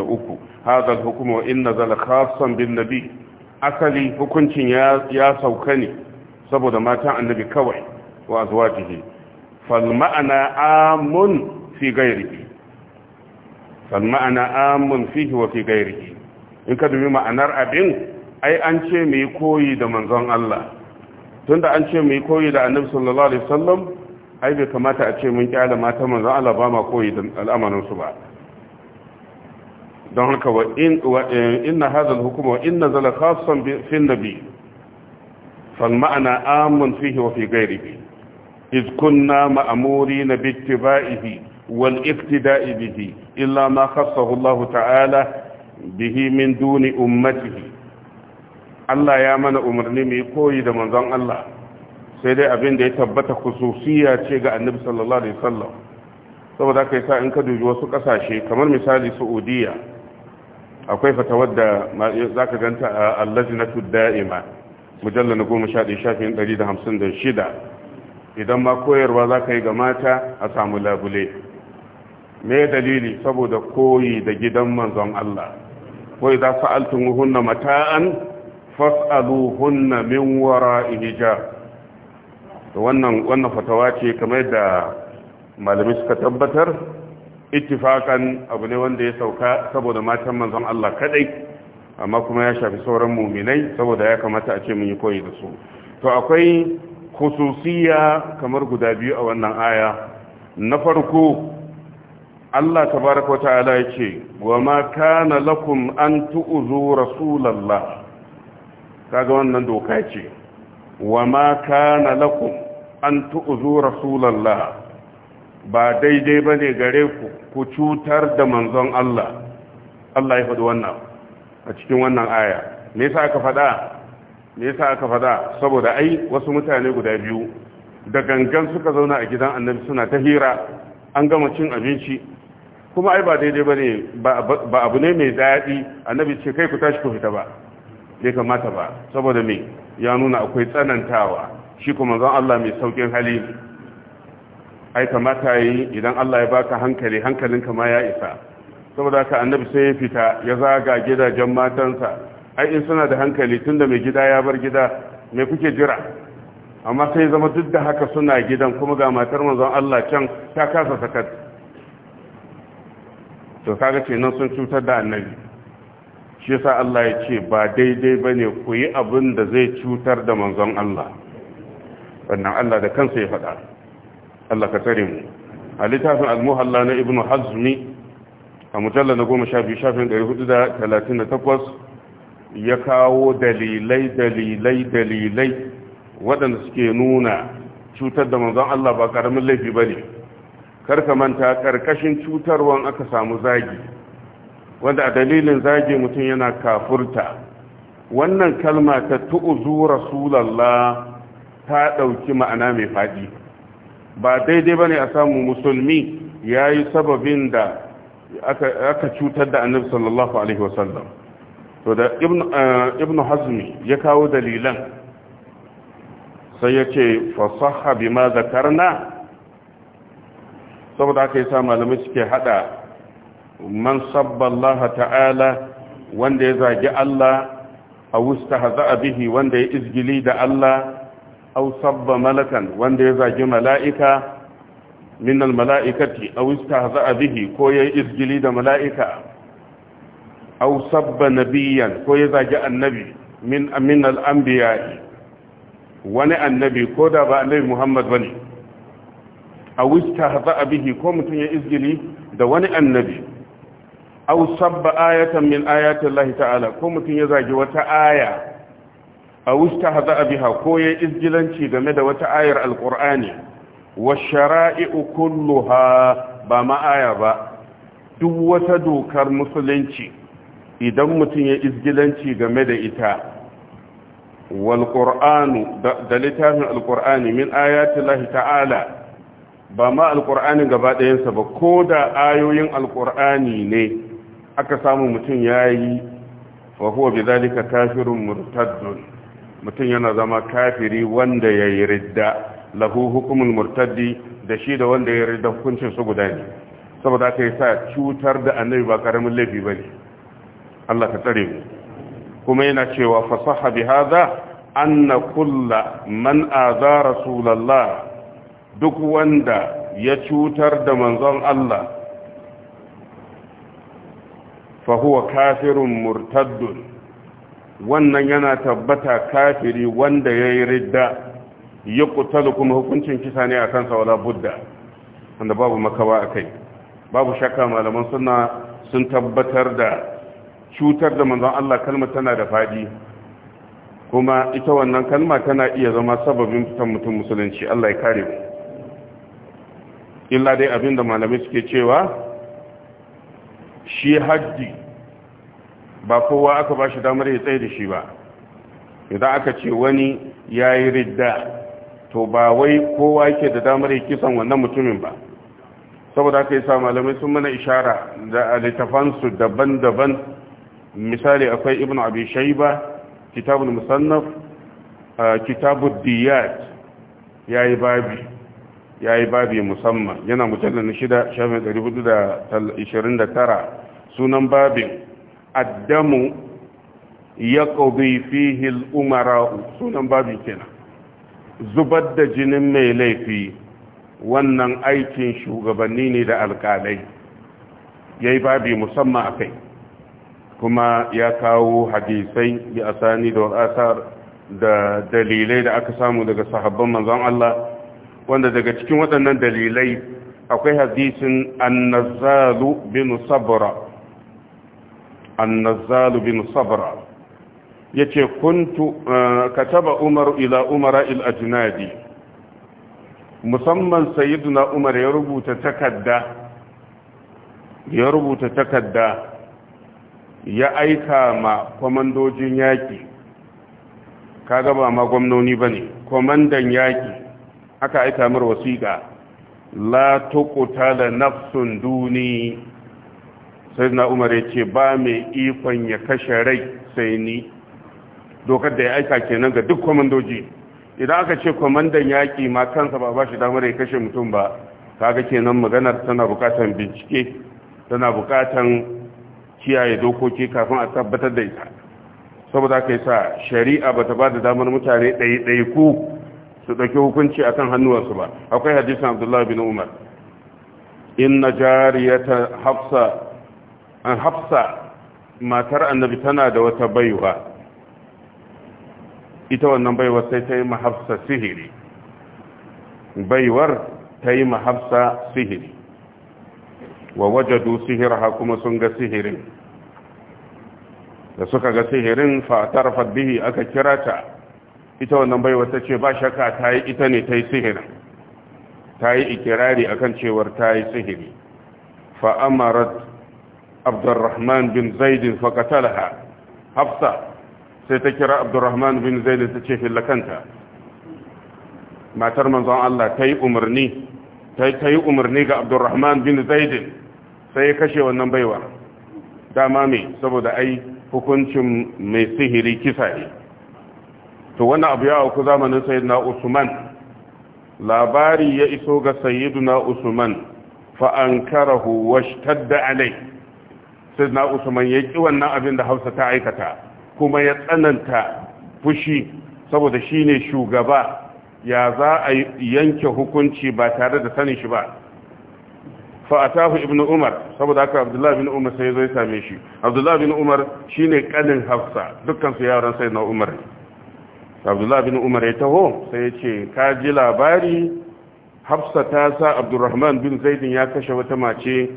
haza hukumu wa inna zala khasan bin nabi asali hukuncin ya sauka ne saboda matan annabi kawai wa azwajihi fal ma'ana amun fi ghairihi fal ma'ana amun fi wa fi ghairihi in ka dubi ma'anar abin ai an ce mai koyi da manzon Allah Tun da an ce mai koyi da annabi sallallahu alaihi wasallam ai bai kamata a ce mun kyala mata manzon Allah ba ma koyi da al'amarin su ba don haka wa in wa eh, inna hadha al-hukm wa in nazala khassan fi nabi fal ma'ana amun fihi wa fi ghairihi iz kunna ma'murina bi ittiba'ihi wal iktida'i bihi illa ma khassahu Allah ta'ala bihi min duni ummatihi Allah ya mana umarni mu yi koyi da manzon Allah sai dai abinda ya tabbata khususiya ce ga annabi sallallahu alaihi wasallam saboda sa in ka dubi wasu kasashe kamar misali Saudiya akwai fatawar da zaka ganta a allajnatu da'ima mujalla na goma sha ɗaya shafin ɗari da hamsin shida idan ma koyarwa za ka yi ga mata a samu labule me dalili saboda koyi da gidan manzon Allah wa idza sa'altumuhunna mata'an fas'aluhunna min wara'i hijab to wannan wannan fatawa ce kamar da malami suka tabbatar ittifakan abu ne wanda ya sauka saboda matan manzon Allah kadai amma kuma ya shafi sauran muminai saboda ya kamata a ce mun yi koyi da su to akwai khususiya kamar guda biyu a wannan aya na farko Allah tabaraka ala yake wa ma kana lakum an tu'zu rasulallah kaga wannan doka ce wa ma kana lakum an tu'zu rasulallah ba daidai bane gare ku ku cutar da manzon Allah Allah ya faɗi wannan a cikin wannan aya me yasa aka faɗa me yasa aka faɗa saboda ai wasu mutane guda biyu da gangan suka zauna a gidan annabi suna ta hira an gama cin abinci kuma ai ba daidai ba ne ba abu ne mai daɗi annabi ce kai ku tashi ku fita ba ne kamata ba saboda me ya nuna akwai tsanantawa shi kuma zan Allah mai saukin hali ai kamata yi idan Allah ya baka hankali hankalinka ma ya isa saboda ka annabi sai ya fita ya zaga gidajen matansa ai in suna da hankali tunda mai gida ya bar gida me kuke jira amma sai zama duk da haka suna gidan kuma ga matar manzon Allah can ta kasa sakat to kaga kenan sun cutar da annabi shi yasa Allah ya ce ba daidai bane ku yi abin da zai cutar da manzon Allah wannan Allah da kansa ya faɗa Allah ka tsare mu a littafin al-muhalla na ibnu hazmi a mujalla na goma shafin ɗari da talatin da takwas ya kawo dalilai dalilai dalilai waɗanda suke nuna cutar da manzon Allah ba ƙaramin laifi ba ne karka manta karkashin cutarwan aka samu zagi wanda a dalilin zagi mutum yana kafurta wannan kalma ta tu'uzu rasulallah ta ɗauki ma'ana mai faɗi ba daidai bane a samu musulmi ya yi sababin da aka cutar da annabi sallallahu alaihi wasallam to da ibnu eh, hazmi ya kawo dalilan sai ya ce fasaha bima zakarna saboda aka yi sa malamai suke hada man sabballaha ta'ala wanda ya zagi Allah a wusta haza'a bihi wanda ya izgili da Allah au sabba malakan wanda ya zagi mala'ika minal mala'ikati a wusta haza'a bihi ko ya yi izgili da mala'ika au sabba nabiyan ko ya zagi annabi min aminal anbiya wani annabi ko da ba annabi Muhammad ba ne. a wista haza bihi ko mutum ya izgili da wani annabi au sabba ayatan min ayatin lahi ta'ala ko mutum ya zagi wata aya a wista haza biha ko ya izgilanci game da wata ayar Alƙur'ani, wa shara'i'u kulluha ba ma aya ba duk wata dokar musulunci idan mutum ya izgilanci game da ita wal da littafin Alƙur'ani min ayati lahi ta'ala ba ma alkur'anin gaba ɗayansa ba ko da ayoyin alkur'ani ne aka samu mutum ya yi wa huwa bi zalika kafirun murtaddun mutum yana zama kafiri wanda ya yi ridda lahu hukumul murtaddi da shi da wanda ya ridda hukuncin su guda ne saboda aka yi sa cutar da annabi ba karamin laifi bane Allah ka tsare mu kuma yana cewa fasaha bi hada anna kullu man azara rasulullah duk wanda ya cutar da manzon Allah fa huwa kafirun murtaddun wannan yana tabbata kafiri wanda yayi yi ridda ya kutalu kuma hukuncin kisa ne a sa wala budda wanda babu makawa a kai babu shakka malaman suna sun tabbatar da cutar da manzon Allah kalma tana da fadi kuma ita wannan kalma tana iya zama sababin fitan mutum musulunci Allah ya kare mu illa dai da malamai suke cewa shi haddi ba kowa aka ba shi damar ya tsaye da shi ba idan aka ce wani ya yi ridda to ba wai kowa yake da damar ya kisan wannan mutumin ba saboda aka yi sa malamai sun mana ishara da alitafansu daban-daban misali akwai ibn abi shaiba kitabun musannaf kitabud diyat yi babi ya yi babi musamman yana mujallar na shida shafin 429 sunan babin addamu ya ƙaubi fihil umara'u sunan babin kenan zubar da jinin mai laifi wannan aikin shugabanni ne da alƙalai ya yi babi musamman a kai kuma ya kawo hadisai ya asani da asar da dalilai da aka samu daga sahabban manzon Allah wanda daga cikin waɗannan dalilai akwai hadisin annazalu bin sabra annazalu bin sabra yace kuntu eh, kataba umar ila umara il ajnadi musamman sayyiduna umar ya rubuta takadda ya rubuta takadda ya aika ma kwamandojin yaƙi. Ka ba ma gwamnoni ba ne. kwamandan yaƙi. aka aika mar wasiƙa la tuqtala nafsun duni sai na umar yace ba mai ikon ya kashe rai sai ni dokar da ya aika kenan ga duk komandoji idan aka ce kwamandan yaƙi ma kansa ba ba shi damar ya kashe mutum ba kaga kenan maganar tana bukatan bincike tana bukatan kiyaye dokoki kafin a tabbatar da ita saboda aka yi sa shari'a ba ta ba da damar mutane ɗaiɗaiku su ɗauki hukunci akan hannuwansu ba akwai hadisin abdullahi bin umar inna jariyata hafsa an hafsa matar annabi tana da wata baiwa ita wannan baiwar sai ta yi mahafsa sihiri baiwar ta yi mahafsa sihiri wa wajadu sihirha kuma sun ga sihirin da suka ga sihirin fa tarfa aka kira ta ita wannan baiwa ta ce ba shaka ta yi ita ne ta yi sihirin ta yi ikirari akan cewar ta yi sihiri fa'amarat abdurrahman bin zaidin fakatalaha hafsa sai ta kira abdurrahman bin zaidin ta ce fillakanta matar manzon Allah ta yi umarni ta yi umarni ga abdurrahman bin zaidin sai ya kashe wannan baiwa dama mai saboda ai hukuncin mai sihiri kisa ne to wannan abu ya auku zamanin sayyidina usman labari ya iso ga sayyidina usman fa ankarahu washtadda alai sayyidina usman ya ƙi wannan abin da Hausa ta aikata kuma ya tsananta fushi saboda shi ne shugaba ya za a yanke hukunci ba tare da sanin shi ba Fa a tafi ibn umar saboda haka abdullahi bin umar sai zai same shi abdullahi bin umar shi ne kanin hafsa dukkan su yaran sai na umar ne abdullahi bin umar ya taho sai ya ce ka ji labari hafsa ta sa abdurrahman bin zaidin ya kashe wata mace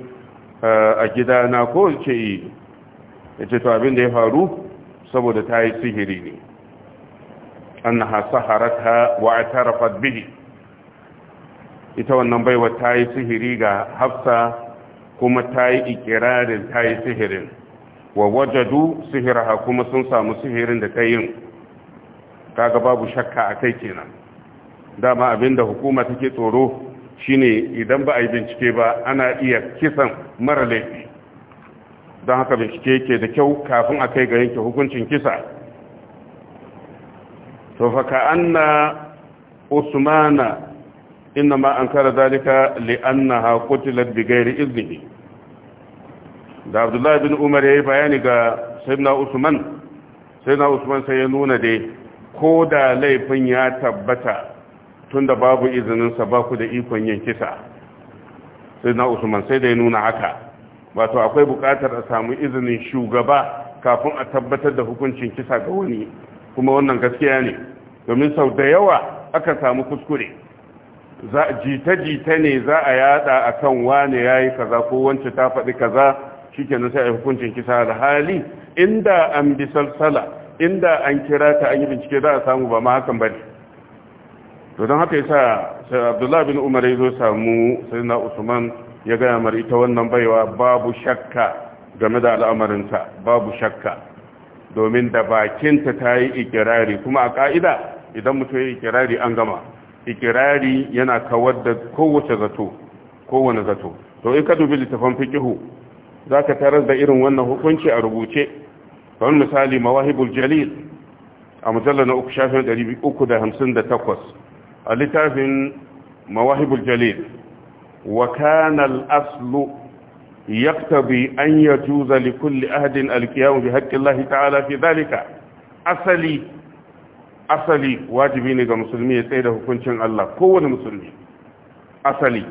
eh, a gidana ko ce yi eh. ya ce to abin da ya faru saboda ta yi sihiri ne annaha saharata wa atarafat bihi ita wannan baiwa ta yi sihiri ga hafsa kuma ta yi ikirarin ta yi sihirin wa wajadu sihiraha kuma sun samu sihirin da ta yin kaga babu shakka a kai kenan dama abinda hukuma take tsoro shine idan ba a yi bincike ba ana iya kisan mara laifi don haka bincike yake da kyau kafin a kai ga yanke hukuncin kisa to fa ka anna usmana inma ankara dalika li'annaha qutilat bighairi iznihi da abdullahi bin umar ya yi bayani ga sayyidina usman sayyidina usman sai ya nuna dai ko da laifin ya tabbata tun da babu izininsa ba ku da ikon yin kisa sai na usman sai da ya nuna haka wato akwai bukatar a samu izinin shugaba kafin a tabbatar da hukuncin kisa ga wani kuma wannan gaskiya ne domin sau da yawa aka samu kuskure jita-jita ne za a yada a kan wane ya yi kaza ko wance ta faɗi kaza shi ke sai a hukuncin kisa da hali inda an bi salsala inda an kira ta an yi bincike za a samu ba ma hakan ba ne to don haka yasa sai abdullahi bin umar ya zo samu sai na usman ya gaya mar ita wannan baiwa babu shakka game da al'amarinta babu shakka domin da bakinta ta yi ikirari kuma a ka'ida idan mutum ya yi ikirari an gama ikirari yana kawar da kowace zato kowane zato to in ka dubi littafin fikihu za ka tarar da irin wannan hukunci a rubuce فهم مثالي مواهب الجليل أمزلنا أكشافه داري بأكده همسن دا تقص اللي تعرفين مواهب الجليل وكان الأصل يقتضي أن يجوز لكل أهد القيام بحق الله تعالى في ذلك أصلي أصلي واجبين إذا مسلمية سيده كنشن الله قوة المسلمية أصلي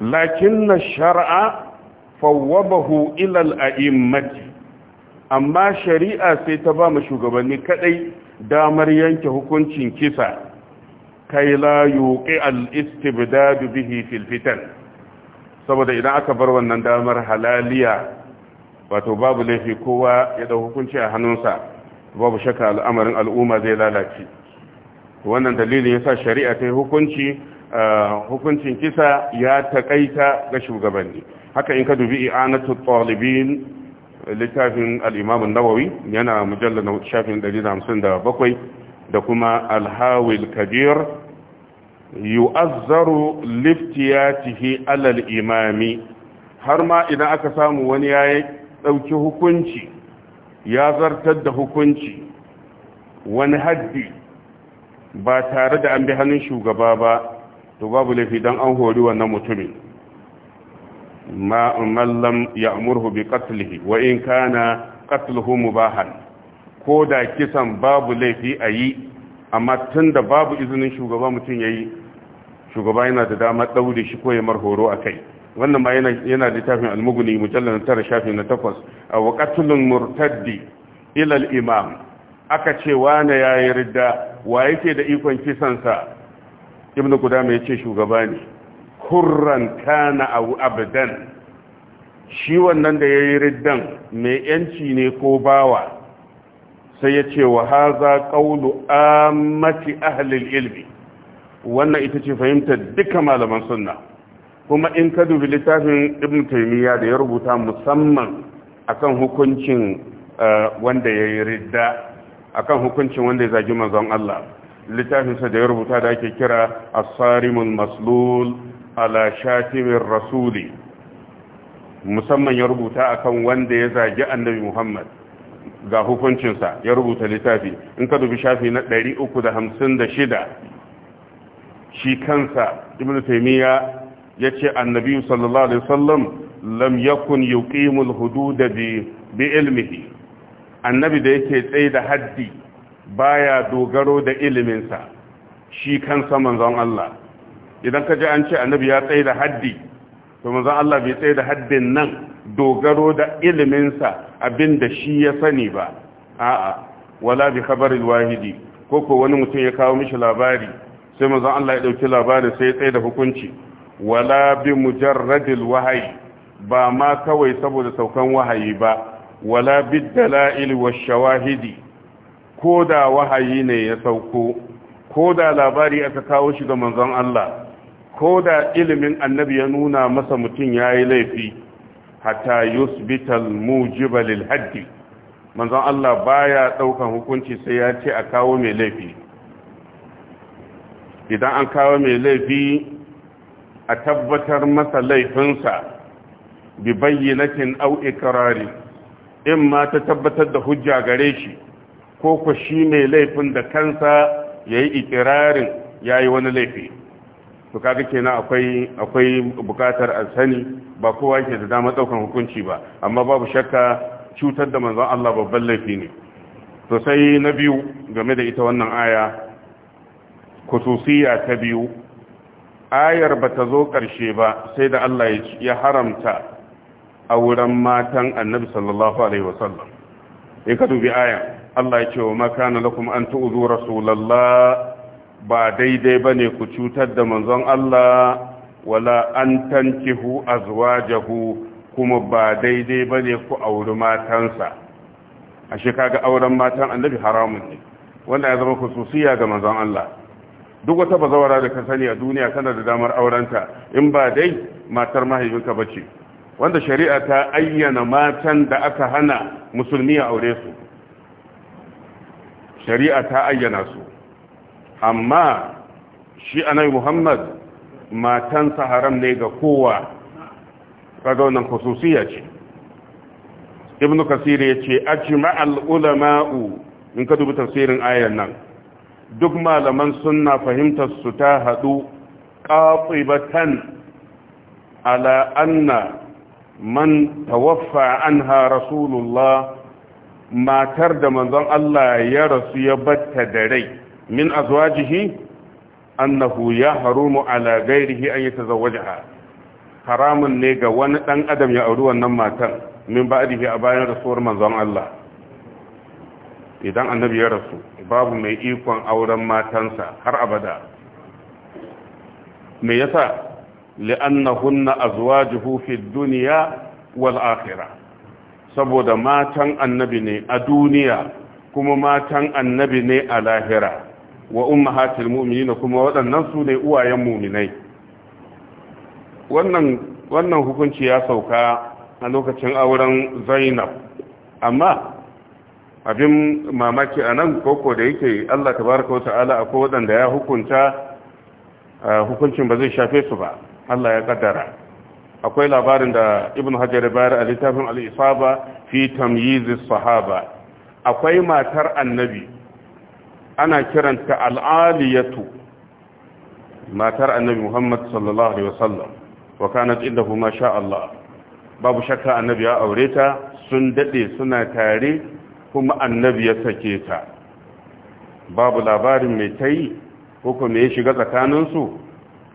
لكن الشرع فوضه إلى الأئمة amma shari'a sai ta ba mu shugabanni kadai damar yanke hukuncin kisa kai la yuqi al-istibdad bihi fil fitan saboda idan aka bar wannan damar halaliya wato babu laifi kowa ya dau hukunci a hannunsa babu shakka al'amarin al'umma zai lalace wannan dalilin yasa shari'a ta hukunci eh, hukuncin kisa ya takaita ga shugabanni haka in ka dubi i'anatu talibin littafin al'imamun nawawi yana mujallar na shafin 157 da kuma alhawil kabir yu'azzaru liftiyatihi alal imami har ma idan aka samu wani ya ɗauki hukunci ya zartar da hukunci wani haddi ba tare da an bi hannun shugaba ba to babu laifi don an hori wannan mutumin Mallan man lam ya'murhu bi qatlihi wa in kana qatluhu ko da kisan babu laifi a yi amma tunda babu izinin shugaba mutum ya yi shugaba yana da dama ɗaure shi ko ya mar horo a kai wannan ma yana littafin almuguni mujallar na tara shafi na takwas a waƙatulun murtaddi ilal imam aka ce wane ya yi ridda wa yake da ikon kisansa ibn gudama ya ce shugaba ne hurran kana abu abdan shi wannan da ya yi riddan mai yanci ne ko bawa sai ya ce wa haza ƙaunu ammati ahalil ilmi wannan ita ce fahimta duka malaman sunna kuma in ka dubi littafin ibn taimiyya da ya rubuta musamman akan hukuncin eh, wanda ya yi ridda akan hukuncin wanda ya zagi manzon Allah littafinsa da ya rubuta da ake kira asarimul maslul ala shatimin rasuli musamman ya rubuta akan wanda ya zagi annabi muhammad ga hukuncinsa ya rubuta littafi in ka dubi shafi na 356 shi kansa ibn taymiya yace annabi sallallahu alaihi wasallam lam yakun yuqimul hudud bi bi ilmihi annabi da yake tsaye da haddi baya dogaro da iliminsa shi kansa manzon Allah idan ka ji an ce annabi ya tsaye da haddi to manzon Allah bai tsaye da haddin nan dogaro da iliminsa abinda shi ya sani ba a'a wala bi khabaril wahidi ko wani mutum ya kawo mishi labari sai manzon Allah ya dauki labarin sai ya tsaye da hukunci wala bi mujarradil wahayi ba ma kawai saboda saukan wahayi ba wala bi dala'il washawahidi ko da wahayi ne ya sauko ko da labari aka kawo shi ga manzon Allah ko da ilimin annabi ya nuna masa mutum ya yi laifi hatta yusbital mujiba haddi manzon Allah baya ɗaukan hukunci sai ya ce a kawo mai laifi idan an kawo mai laifi a tabbatar masa laifinsa bi bayyinatin au ikrari in ma ta tabbatar da hujja gare shi ko ku shi mai laifin da kansa yayi ikirarin yayi wani laifi to kaga kenan akwai akwai bukatar a sani ba kowa yake da dama daukar hukunci ba amma babu shakka cutar da manzon Allah babban laifi ne to sai na biyu game da ita wannan aya kususiya ta biyu ayar ba ta zo ƙarshe ba sai da Allah ya haramta a wurin matan annabi sallallahu alaihi wasallam ya ka dubi aya Allah ya ce wa makana lakum an tu'zu rasulullah ba daidai ba ne ku cutar da manzon Allah wala an tankihu azwajahu kuma ba daidai ba ne ku auri matansa a shekaga auren matan annabi haramun ne wanda ya zama kususiya ga manzon Allah duk wata bazawara da ka sani a duniya tana da damar aurenta in ba dai matar mahaifinka ba ce. wanda shari'a ta ayyana matan da aka hana musulmi a aure su shari'a ta ayyana su amma shi annabi muhammad matansa haram ne ga kowa kaga wannan khususiyya ce ibnu kasir ce ajma'al ulama'u in ka dubi tafsirin ayan nan duk malaman suna fahimtar su ta hadu qatibatan ala anna man tawaffa anha rasulullah matar da manzon Allah ya rasu ya batta da rai min azwajihi annahu yahrumu ala ghairihi an yatazawwajaha haramun ne ga wani dan adam ya auri wannan matan min ba'dihi a bayan rasuwar manzon Allah idan annabi ya rasu babu mai ikon auren matansa har abada me yasa li'annahunna azwajuhu fi dunya wal akhirah saboda matan annabi ne a duniya kuma matan annabi ne a lahira wa ummahatil mu'minina kuma waɗannan su ne uwayen mu'minai wannan wannan hukunci ya sauka a lokacin auren Zainab amma abin mamaki a nan koko da yake Allah tabaaraka wa ta'ala akwai waɗanda ya hukunta hukuncin ba zai shafe su ba Allah ya kaddara akwai labarin da ibn hajar bayar a littafin al'isaba fi as sahaba akwai matar annabi ana kiranta al'aliyatu matar annabi Muhammad sallallahu alaihi wasallam wa kanat indahu ma sha Allah babu shakka annabi ya aure ta sun daɗe suna tare kuma annabi ya sake ta babu labarin mai tai ko kuma ya shiga tsakaninsu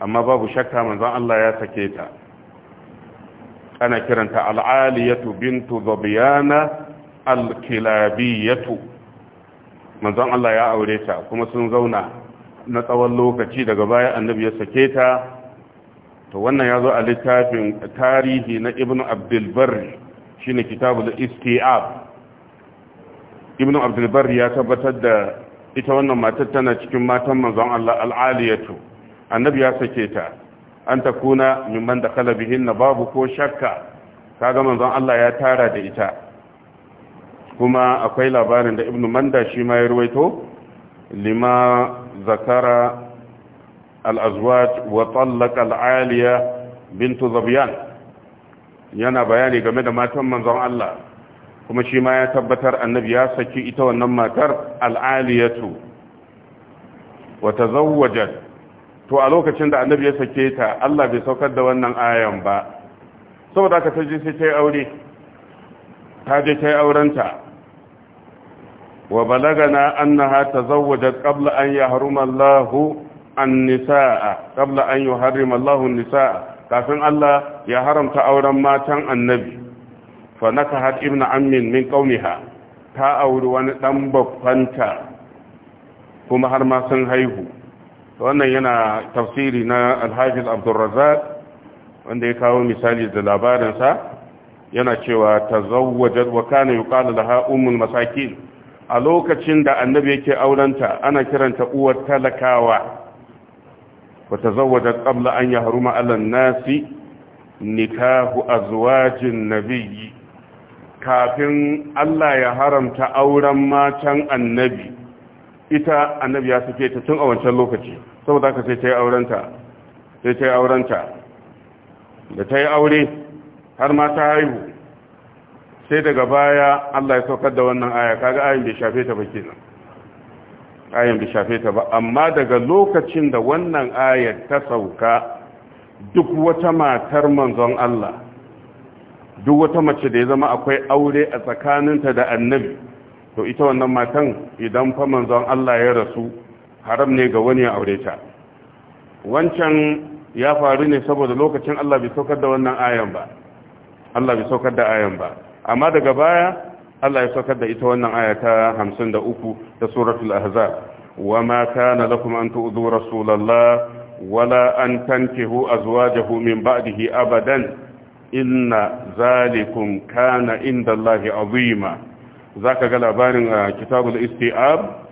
amma babu shakka manzon Allah ya sake ta ana kiranta al'aliyatu bintu zabiyana al-kilabiyatu manzon Allah ya aure ta kuma sun zauna na tsawon lokaci daga baya annabi ya sake ta to wannan ya zo a littafin tarihi na ibn abdulbarri shi ne kitabu da istiab ibn abdulbarri ya tabbatar da ita wannan matar tana cikin matan manzon Allah al'aliyatu annabi ya sake ta an ta kuna mimman da kalabihin na babu ko shakka kaga manzon Allah ya tara da ita kuma akwai labarin da ibn manda shi ma ya ruwaito lima zakara al-azwaj wa tallaka bintu zabyan yana bayani game da matan manzon Allah kuma shi ma ya tabbatar annabi ya saki ita wannan matar al'aliyatu. Wata wa to a lokacin da annabi ya sake ta Allah bai saukar da wannan ayan ba saboda aka taje sai ta yi aure ta je ta yi aurenta وبلغنا أنها تزوجت قبل أن يحرم الله النساء قبل أن يحرم الله النساء كافن الله يحرم تأورا ماتا النبي فنكحت ابن عم من قومها تأور ونتنبب فانتا كما حرما سنهيه wannan yana tafsiri na alhafiz abdulrazak wanda ya kawo misali da labarinsa yana cewa tazawwajat wa kana yuqalu laha ummul masakin a lokacin da annabi yake aurenta ana kiranta uwar talakawa wa tazawwaja qabla an yahruma 'ala nasi nikahu azwajin nabiyyi kafin Allah ya haramta auren matan annabi ita annabi ya sake ta tun a wancan lokaci saboda haka sai ta yi aurenta sai ta yi aurenta da ta yi aure har ma ta haihu sai daga baya Allah ya saukar da wannan aya kaga ayin bai shafe ta ba kenan ayin bai shafe ta ba amma daga lokacin da wannan aya ta sauka duk wata matar manzon Allah duk wata mace da ya zama akwai aure a tsakaninta da annabi to ita wannan matan idan fa manzon Allah ya rasu haram ne ga wani ya aure ta wancan ya faru ne saboda lokacin Allah bai saukar da wannan ayan ba Allah bai saukar da ayan ba amma daga baya Allah ya saukar da ita wannan aya ta 53 ta suratul ahzab wama kana lakum an tu'dhu rasulallah wala an tankihu azwajahu min ba'dihi abadan inna zalikum kana inda Allahi azima zaka ga labarin kitabul istiab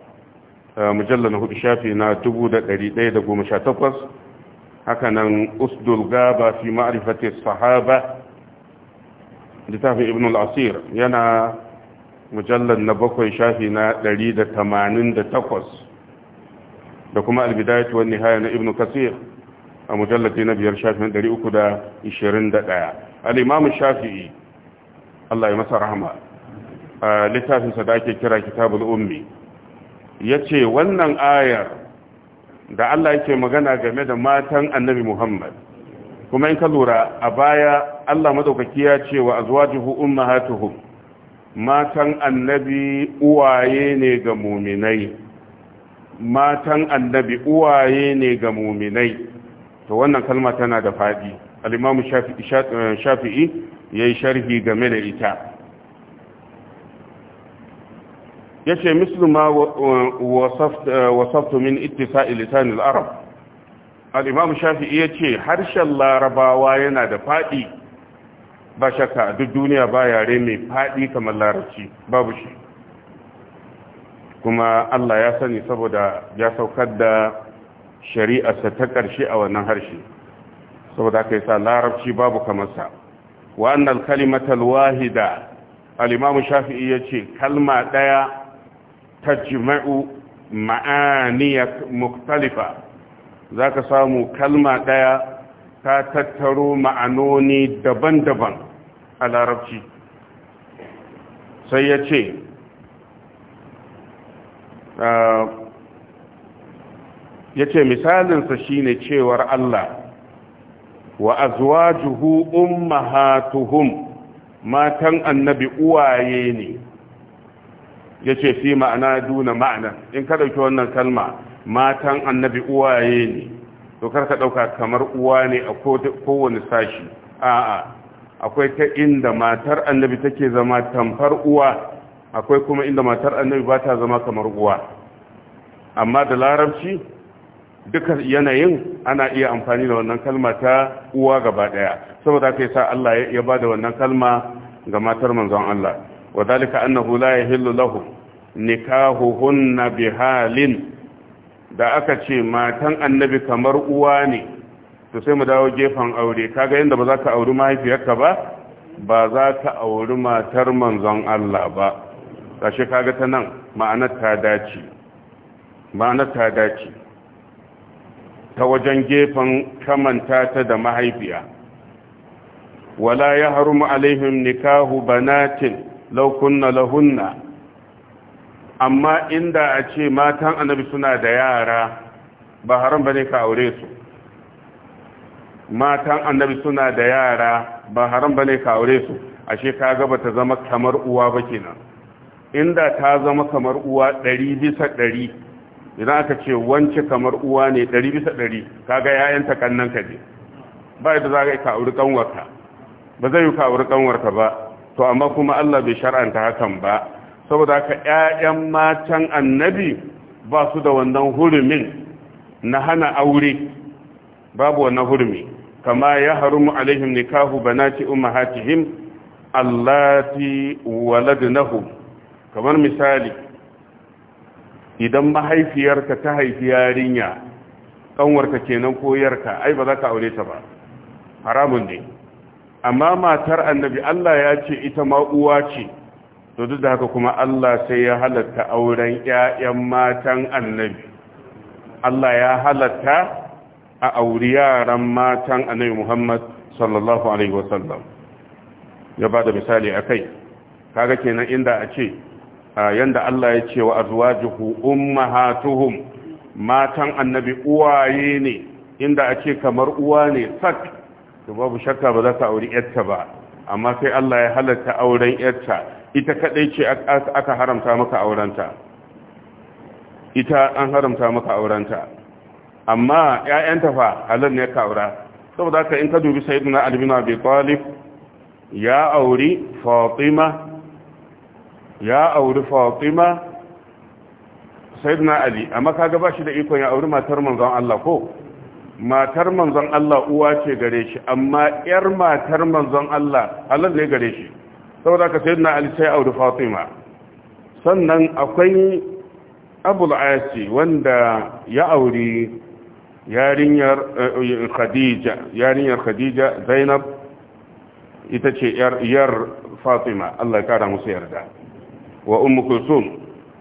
mujallal hudu shafi na 1118 haka nan usdul gaba fi ma'rifati sahaba littafin ibn al-asir yana mujallar na bakwai shafi na 188 da kuma albidayatu wani haya na ibn kasir a mujallaci na biyar shafin 321 al'imamun shafi'i Allah ya masa rahama a littafinsa da ake kira kitabul ummi ya ce wannan ayar da Allah yake magana game da matan annabi Muhammad kuma in ka lura a baya Allah madaukaki ya ce wa azwajuhu ummahatuhum matan annabi uwaye ne ga muminai matan annabi uwaye ne ga muminai to wannan kalma tana da fadi al-imamu eh, shafi'i yayi sharhi game da ita yace mislu ma wasaftu min ittisa'i lisan al-arab al-imamu shafi'i yace harshen larabawa yana da fadi ba shakka a duk duniya ba yare mai faɗi kamar larabci babu shi kuma Allah ya sani saboda ya saukar da shari'arsa ta ƙarshe a wannan harshe saboda kai sa larabci babu kamarsa wa annal kalimatal wahida al-imam shafi'i yace kalma daya tajma'u ma'aniya mukhtalifa zaka samu kalma ɗaya? ta tattaro ma'anoni daban-daban a larabci sai ya ce ah, ya ce misalinsa shine cewar Allah wa azwajuhu ummahatuhum matan annabi uwaye ne ya ce fi ma'ana duna ma'ana in ka ɗauki wannan kalma matan annabi uwaye ne to kar ka ɗauka kamar uwa ne a kowane sashi a'a akwai ta inda matar annabi take zama tamfar uwa akwai kuma inda matar annabi ba ta zama kamar uwa amma da larabci duka yanayin ana iya amfani da wannan kalma ta uwa gaba daya saboda ka yasa Allah ya bada wannan kalma ga matar manzon Allah wadalika annahu la yahillu lahu nikahuhunna bihalin da aka ce matan annabi kamar uwa ne to sai mu dawo gefen aure kaga yadda ba za ka auri mahaifiyarka ba ba za ka auri matar manzon Allah ba kashi kaga ta nan ma'anar ta dace ma'anar ta dace ta wajen gefen kamanta ta da mahaifiya wala ya harumu alaihim nikahu banatin law kunna lahunna amma inda a ce matan annabi suna da yara ba haram ba ne ka aure su matan annabi suna da yara ba haram ba ne ka aure su ashe ka gaba ta zama kamar uwa ba kenan inda ta zama kamar uwa ɗari bisa ɗari idan aka ce wance kamar uwa ne ɗari bisa ɗari kaga yayanta kannan ka je? ba yadda za ka aure kanwarka ba zai yi ka aure kanwarka ba to amma kuma Allah bai shar'anta hakan ba saboda ka ƴaƴan matan annabi ba su da wannan hurumin na hana aure babu wannan hurumi kama ya harumu alaihim nikahu banati ummahatihim allati waladnahum kamar misali idan mahaifiyarka ta haifi yarinya kanwarka kenan koyarka ai ba za ka aure ta ba haramun ne amma matar annabi Allah ya ce ita ma uwa ce to duk da haka kuma Allah sai ya halatta auren ƴaƴan matan annabi Allah ya halatta a auri yaran matan annabi Muhammad sallallahu alaihi wasallam ya bada misali akai kaga kenan inda a ce yanda Allah ya ce wa azwajuhu ummahatuhum matan annabi uwaye ne inda a ce kamar uwa ne sak to babu shakka ba za ka auri yarta ba amma sai Allah ya halatta auren yarta ita kadai ce aka haramta maka aurenta ita an haramta maka aurenta amma ƴaƴanta fa halal ne ka aura saboda haka in ka dubi sayyidina Ali bin Abi Talib ya auri Fatima ya auri Fatima sayyidina Ali amma kaga ba shi da ikon ya auri matar manzon Allah ko matar manzon Allah uwa ce gare shi amma ƴar matar manzon Allah halal ne gare shi saboda ka sayi na alisai audu fatima sannan akwai abu asi wanda ya auri yarinyar eh, khadija zainab ita ce yar fatima allah ya kara musu yarda wa ummu kulsun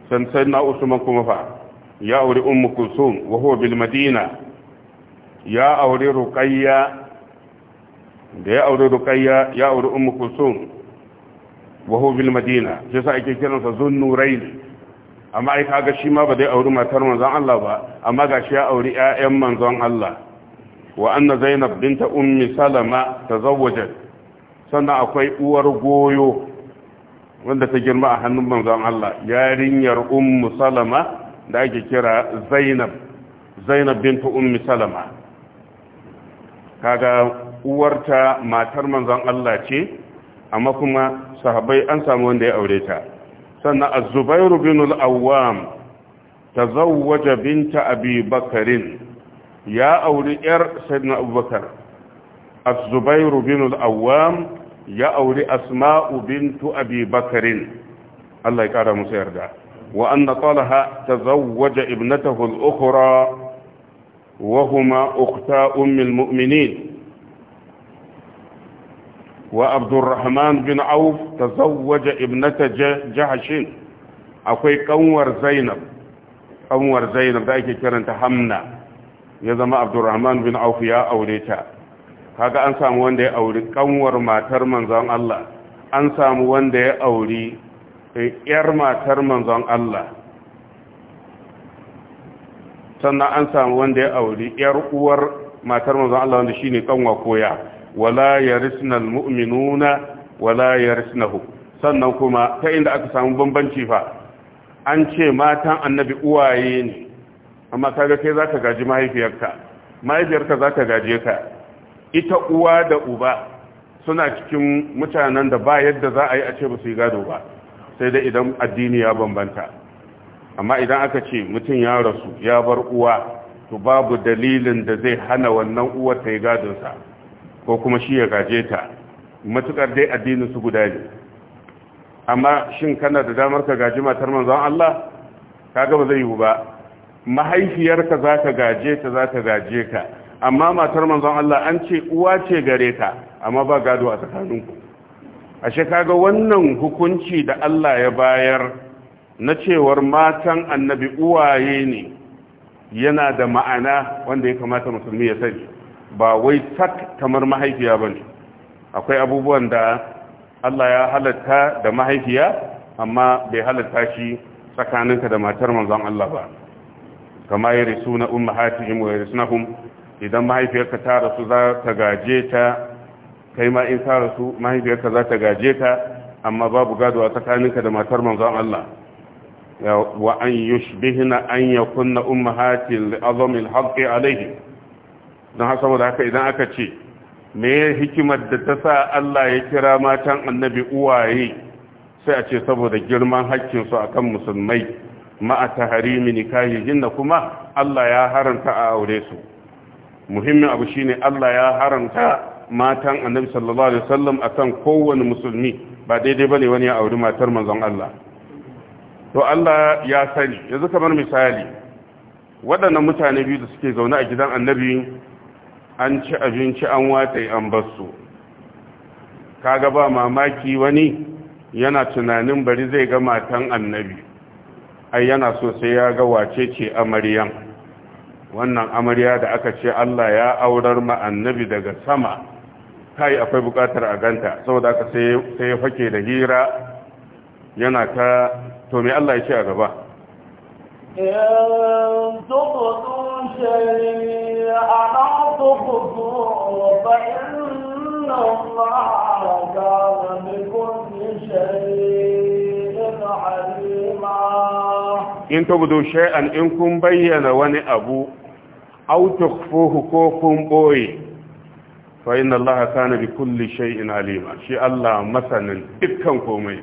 san sai na usman kuma fa ya auri ummu kulsum wa huwa bil madina ya auri ruqayya da ya auri ruqayya ya auri ummu kulsun. wa Madina bil madina yasa ake kiransa zunnurain amma ai kaga shi ma ba zai auri matar manzon Allah ba amma shi ya auri ƴaƴan manzon Allah wa anna zainab binta ummi salama tazawwajat sannan akwai uwar goyo wanda ta girma a hannun manzon Allah yarinyar ummu salama da ake kira zainab zainab binta ummi salama kaga uwarta matar manzon Allah ce amma kuma Sahabai, an samu wanda ya aure ta sannan azubairu zubairu bin al-awwam tazawwaja binta abi ya auri yar sayyidina abubakar az-zubairu bin al ya auri asma'u bintu Abibakarin. Allah ya ƙara musu yarda wa anna talaha tazawwaja ta al-ukhra wa huma ukhta ummil mu'minin وعبد الرحمن بن عوف تزوج ابنة جهش أخي قنور زينب قنور زينب ذلك كانت حمنا يزم عبد الرحمن بن عوف يا أوليتا هذا أنسى وندي أولي قنور ما ترمن زان الله أنسى وندي أولي إرما ترمن زان الله sannan an samu wanda ya auri ‘yar uwar matar manzon Allah wanda shi ne kanwa koya wala yarisna almu'minuna wala yarisnahu sannan kuma ta inda aka samu bambanci fa an ce matan annabi uwaye ne amma kaga kai zaka gaji mahaifiyarka mahaifiyarka zaka gaje ka ita uwa da uba suna cikin mutanen da ba yadda za a yi a ce ba su yi gado ba sai dai idan addini ya bambanta amma idan aka ce mutum ya rasu ya bar uwa to babu dalilin da zai hana wannan uwar ta yi gadonsa ko kuma shi ya gaje ta matukar dai addinin su guda ne amma shin kana da damar ka gaji matar manzon Allah kaga ba zai yiwu ba mahaifiyarka za ka gaje ta za ta gaje ka amma matar manzon Allah an ce uwa ce gare ka amma ba gado a tsakaninku ashe kaga wannan hukunci da Allah ya bayar na cewar matan annabi uwaye ne yana da ma'ana wanda ya kamata musulmi ya sani ba wai sak kamar mahaifiya ba akwai abubuwan da Allah ya halatta da mahaifiya amma bai halatta shi tsakaninka da matar manzon Allah ba kama ya risu na ummahatihim wa yarisnahum idan mahaifiyarka ta rasu za ta gaje ta kai ma in ta rasu mahaifiyarka za ta gaje ta amma babu gaduwa tsakaninka da matar manzon Allah wa an yushbihna an yakunna ummahatil azamil haqqi alaihim don haka saboda haka idan aka ce me hikimar da ta sa Allah ya kira matan annabi uwaye sai a ce saboda girman haƙƙinsu a kan musulmai ma'a ta harimi kuma Allah ya haranta a aure su muhimmin abu shine Allah ya haranta matan annabi sallallahu alaihi wasallam akan kowane musulmi ba daidai bane wani ya auri matar manzon Allah to Allah ya sani yanzu kamar misali waɗannan mutane biyu da suke zaune a gidan annabi an ci abinci an watsa an basu kaga ba mamaki wani yana tunanin bari zai ga matan annabi ai yana so sai ya ga wace ce amaryan wannan amarya da aka ce Allah ya aurar ma annabi daga sama kai akwai bukatar a ganta saboda aka sai ya fake da hira yana ta to me Allah ya ce a gaba إن تبدو شيء أعطفكم فإن الله كان بكل شيء حليما إن تبدو شيئا إنكم بين وني أبو أو تخفوه كوكم أوي فإن الله كان بكل شيء عليما شيء الله مثلا إذ كان كومي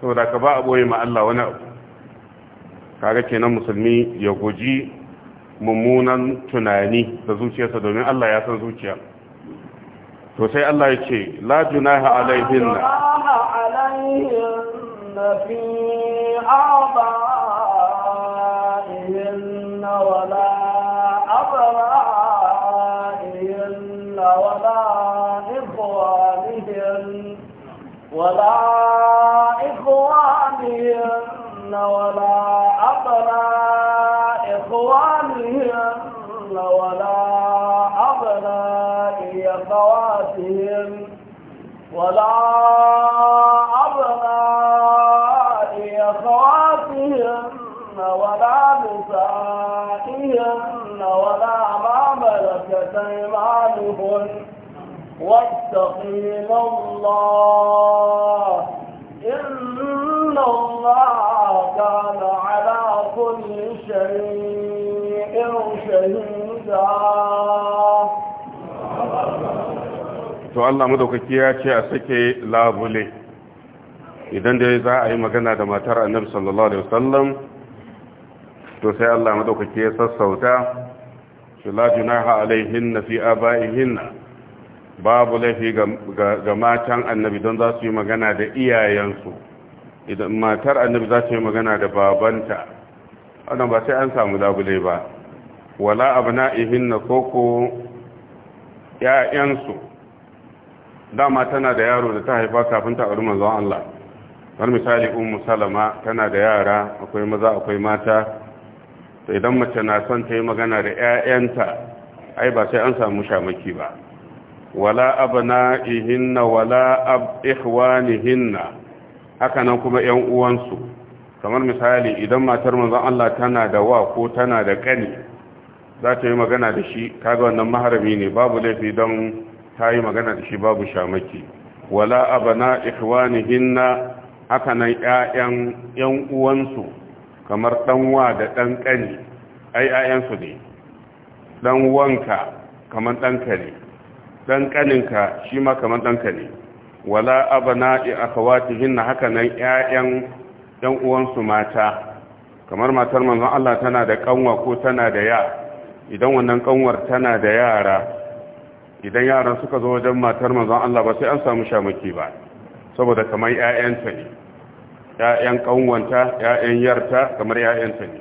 سورة كباء أبوي مع الله ونأبو kaga kenan musulmi ya guji mummunan tunani da zuciyarsa domin Allah ya san zuciya to sai Allah ya ce la junaha alaihinna fi abaihinna إخوانهن ولا أبناء إخوانهن ولا أبناء أخواتهن ولا أبناء أخواتهن ولا نسائهن ولا ما ملكت إيمانهن واتقين الله إن إن الله كان على كل شيء شهيدا to Allah madaukaki ya ce a sake labule idan dai za a yi magana da matar annabi sallallahu alaihi wasallam to sai Allah madaukaki ya sassauta shi la junaha alaihin fi abaihin babu laifi ga matan annabi don za su yi magana da iyayensu idan matar annabi za ta yi magana da babanta wannan ba sai an samu labule ba wala abna'ihin na koko ‘ya'yansu dama tana da yaro da ta haifa kafin ta auri manzon Allah har misali ummu salama tana da yara akwai maza akwai mata to idan mace na son ta yi magana da ‘ya'yanta ai ba sai an samu shamaki ba wala abna'ihin na wala ihwanihin na haka nan kuma ‘yan uwansu kamar misali idan matar manzon Allah tana da wa ko tana da ƙani za ta yi magana da shi kaga wannan maharami ne babu laifi don ta yi magana da shi babu shamaki wala abana ikhwanihinna haka nan ‘ya'yan ‘yan uwansu kamar ɗanwa da ɗan ƙani ai ‘ya'yansu ne dan wanka kamar ɗanka ne ɗan ƙaninka shi ma kamar ɗanka ne wala abna'i hinna haka nan ƴaƴan ɗan uwansu mata kamar matar manzon Allah tana da kanwa ko tana da ya idan wannan kanwar tana da yara idan yaran suka zo wajen matar manzon Allah ba sai an samu shamaki ba saboda kamar ta ne ƴaƴan kanwanta ƴaƴan yarta kamar ta ne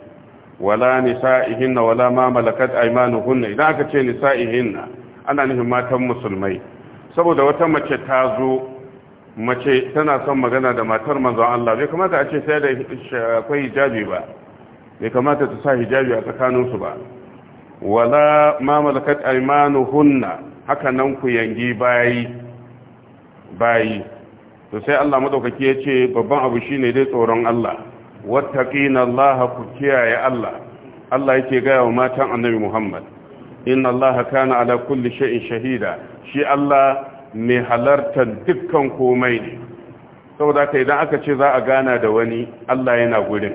wala nisa'ihinna wala ma malakat aymanuhunna idan aka ce nisa'ihinna ana nufin matan musulmai saboda wata mace ta zo mace tana son magana da matar manzon Allah bai kamata a ce sai da akwai hijabi ba bai kamata ta sa hijabi a tsakaninsu ba wala ma malakat aymanuhunna haka nan ku yangi bayi bayi to sai Allah madaukaki ya ce babban abu shine dai tsoron Allah wattaqina Allah ku kiyaye Allah Allah yake gaya wa matan Annabi Muhammad inna Allah kana ala kulli shay'in shahida shi Allah mai halartar dukkan komai ne saboda ka idan aka ce za a gana da wani Allah yana gurin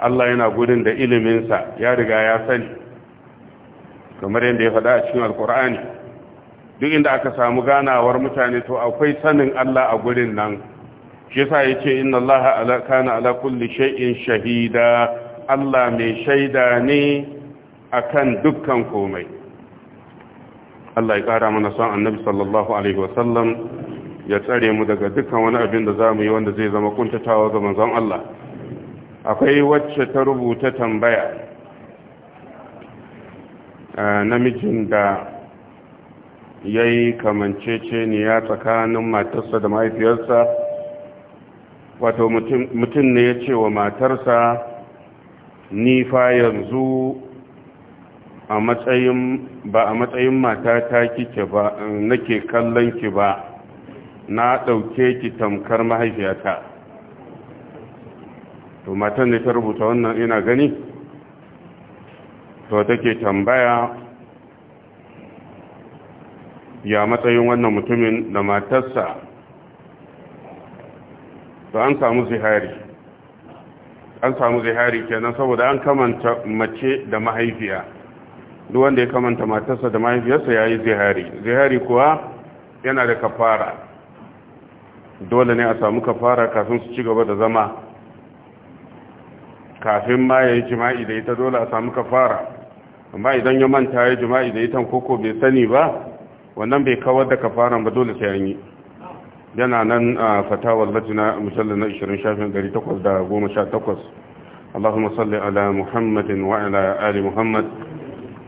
Allah yana gurin da iliminsa ya riga ya sani kamar yadda ya faɗa a cikin alkur'ani duk inda aka samu ganawar mutane to akwai sanin Allah a gurin nan shi yasa yace inna Allah ala kana ala kulli shay'in shahida Allah mai shaida ne akan dukkan komai Allah ya ƙara mana son annabi sallallahu alaihi wasallam ya tsare mu daga dukkan wani abin da za mu yi wanda zai zama kuntatawa ga manzon Allah akwai wacce ta rubuta tambaya eh, namijin da ya yi kamanceceniya tsakanin matarsa da mahaifiyarsa wato mutum ne ya ce wa matarsa nifa yanzu a matsayin ba a matsayin mata ta kike ba nake kallon ki ba na ɗauke ki tamkar mahaifiyata to matan ne ta rubuta wannan ina gani to take tambaya ya matsayin wannan mutumin da matarsa to an samu zihari an samu zihari kenan saboda an kamanta mace da mahaifiya duk wanda ya kamanta matarsa da mahaifiyarsa ya yi zihari zihari kuwa yana da kafara dole ne a samu kafara kafin su ci gaba da zama kafin ma ya yi jima'i da ita dole a samu kafara amma idan ya manta ya yi jima'i da ita koko bai sani ba wannan bai kawar da kafaran ba dole sai an yi yana nan a fatawar latina musallin na 20 shafin 818 اللهم صل على محمد وعلى آل محمد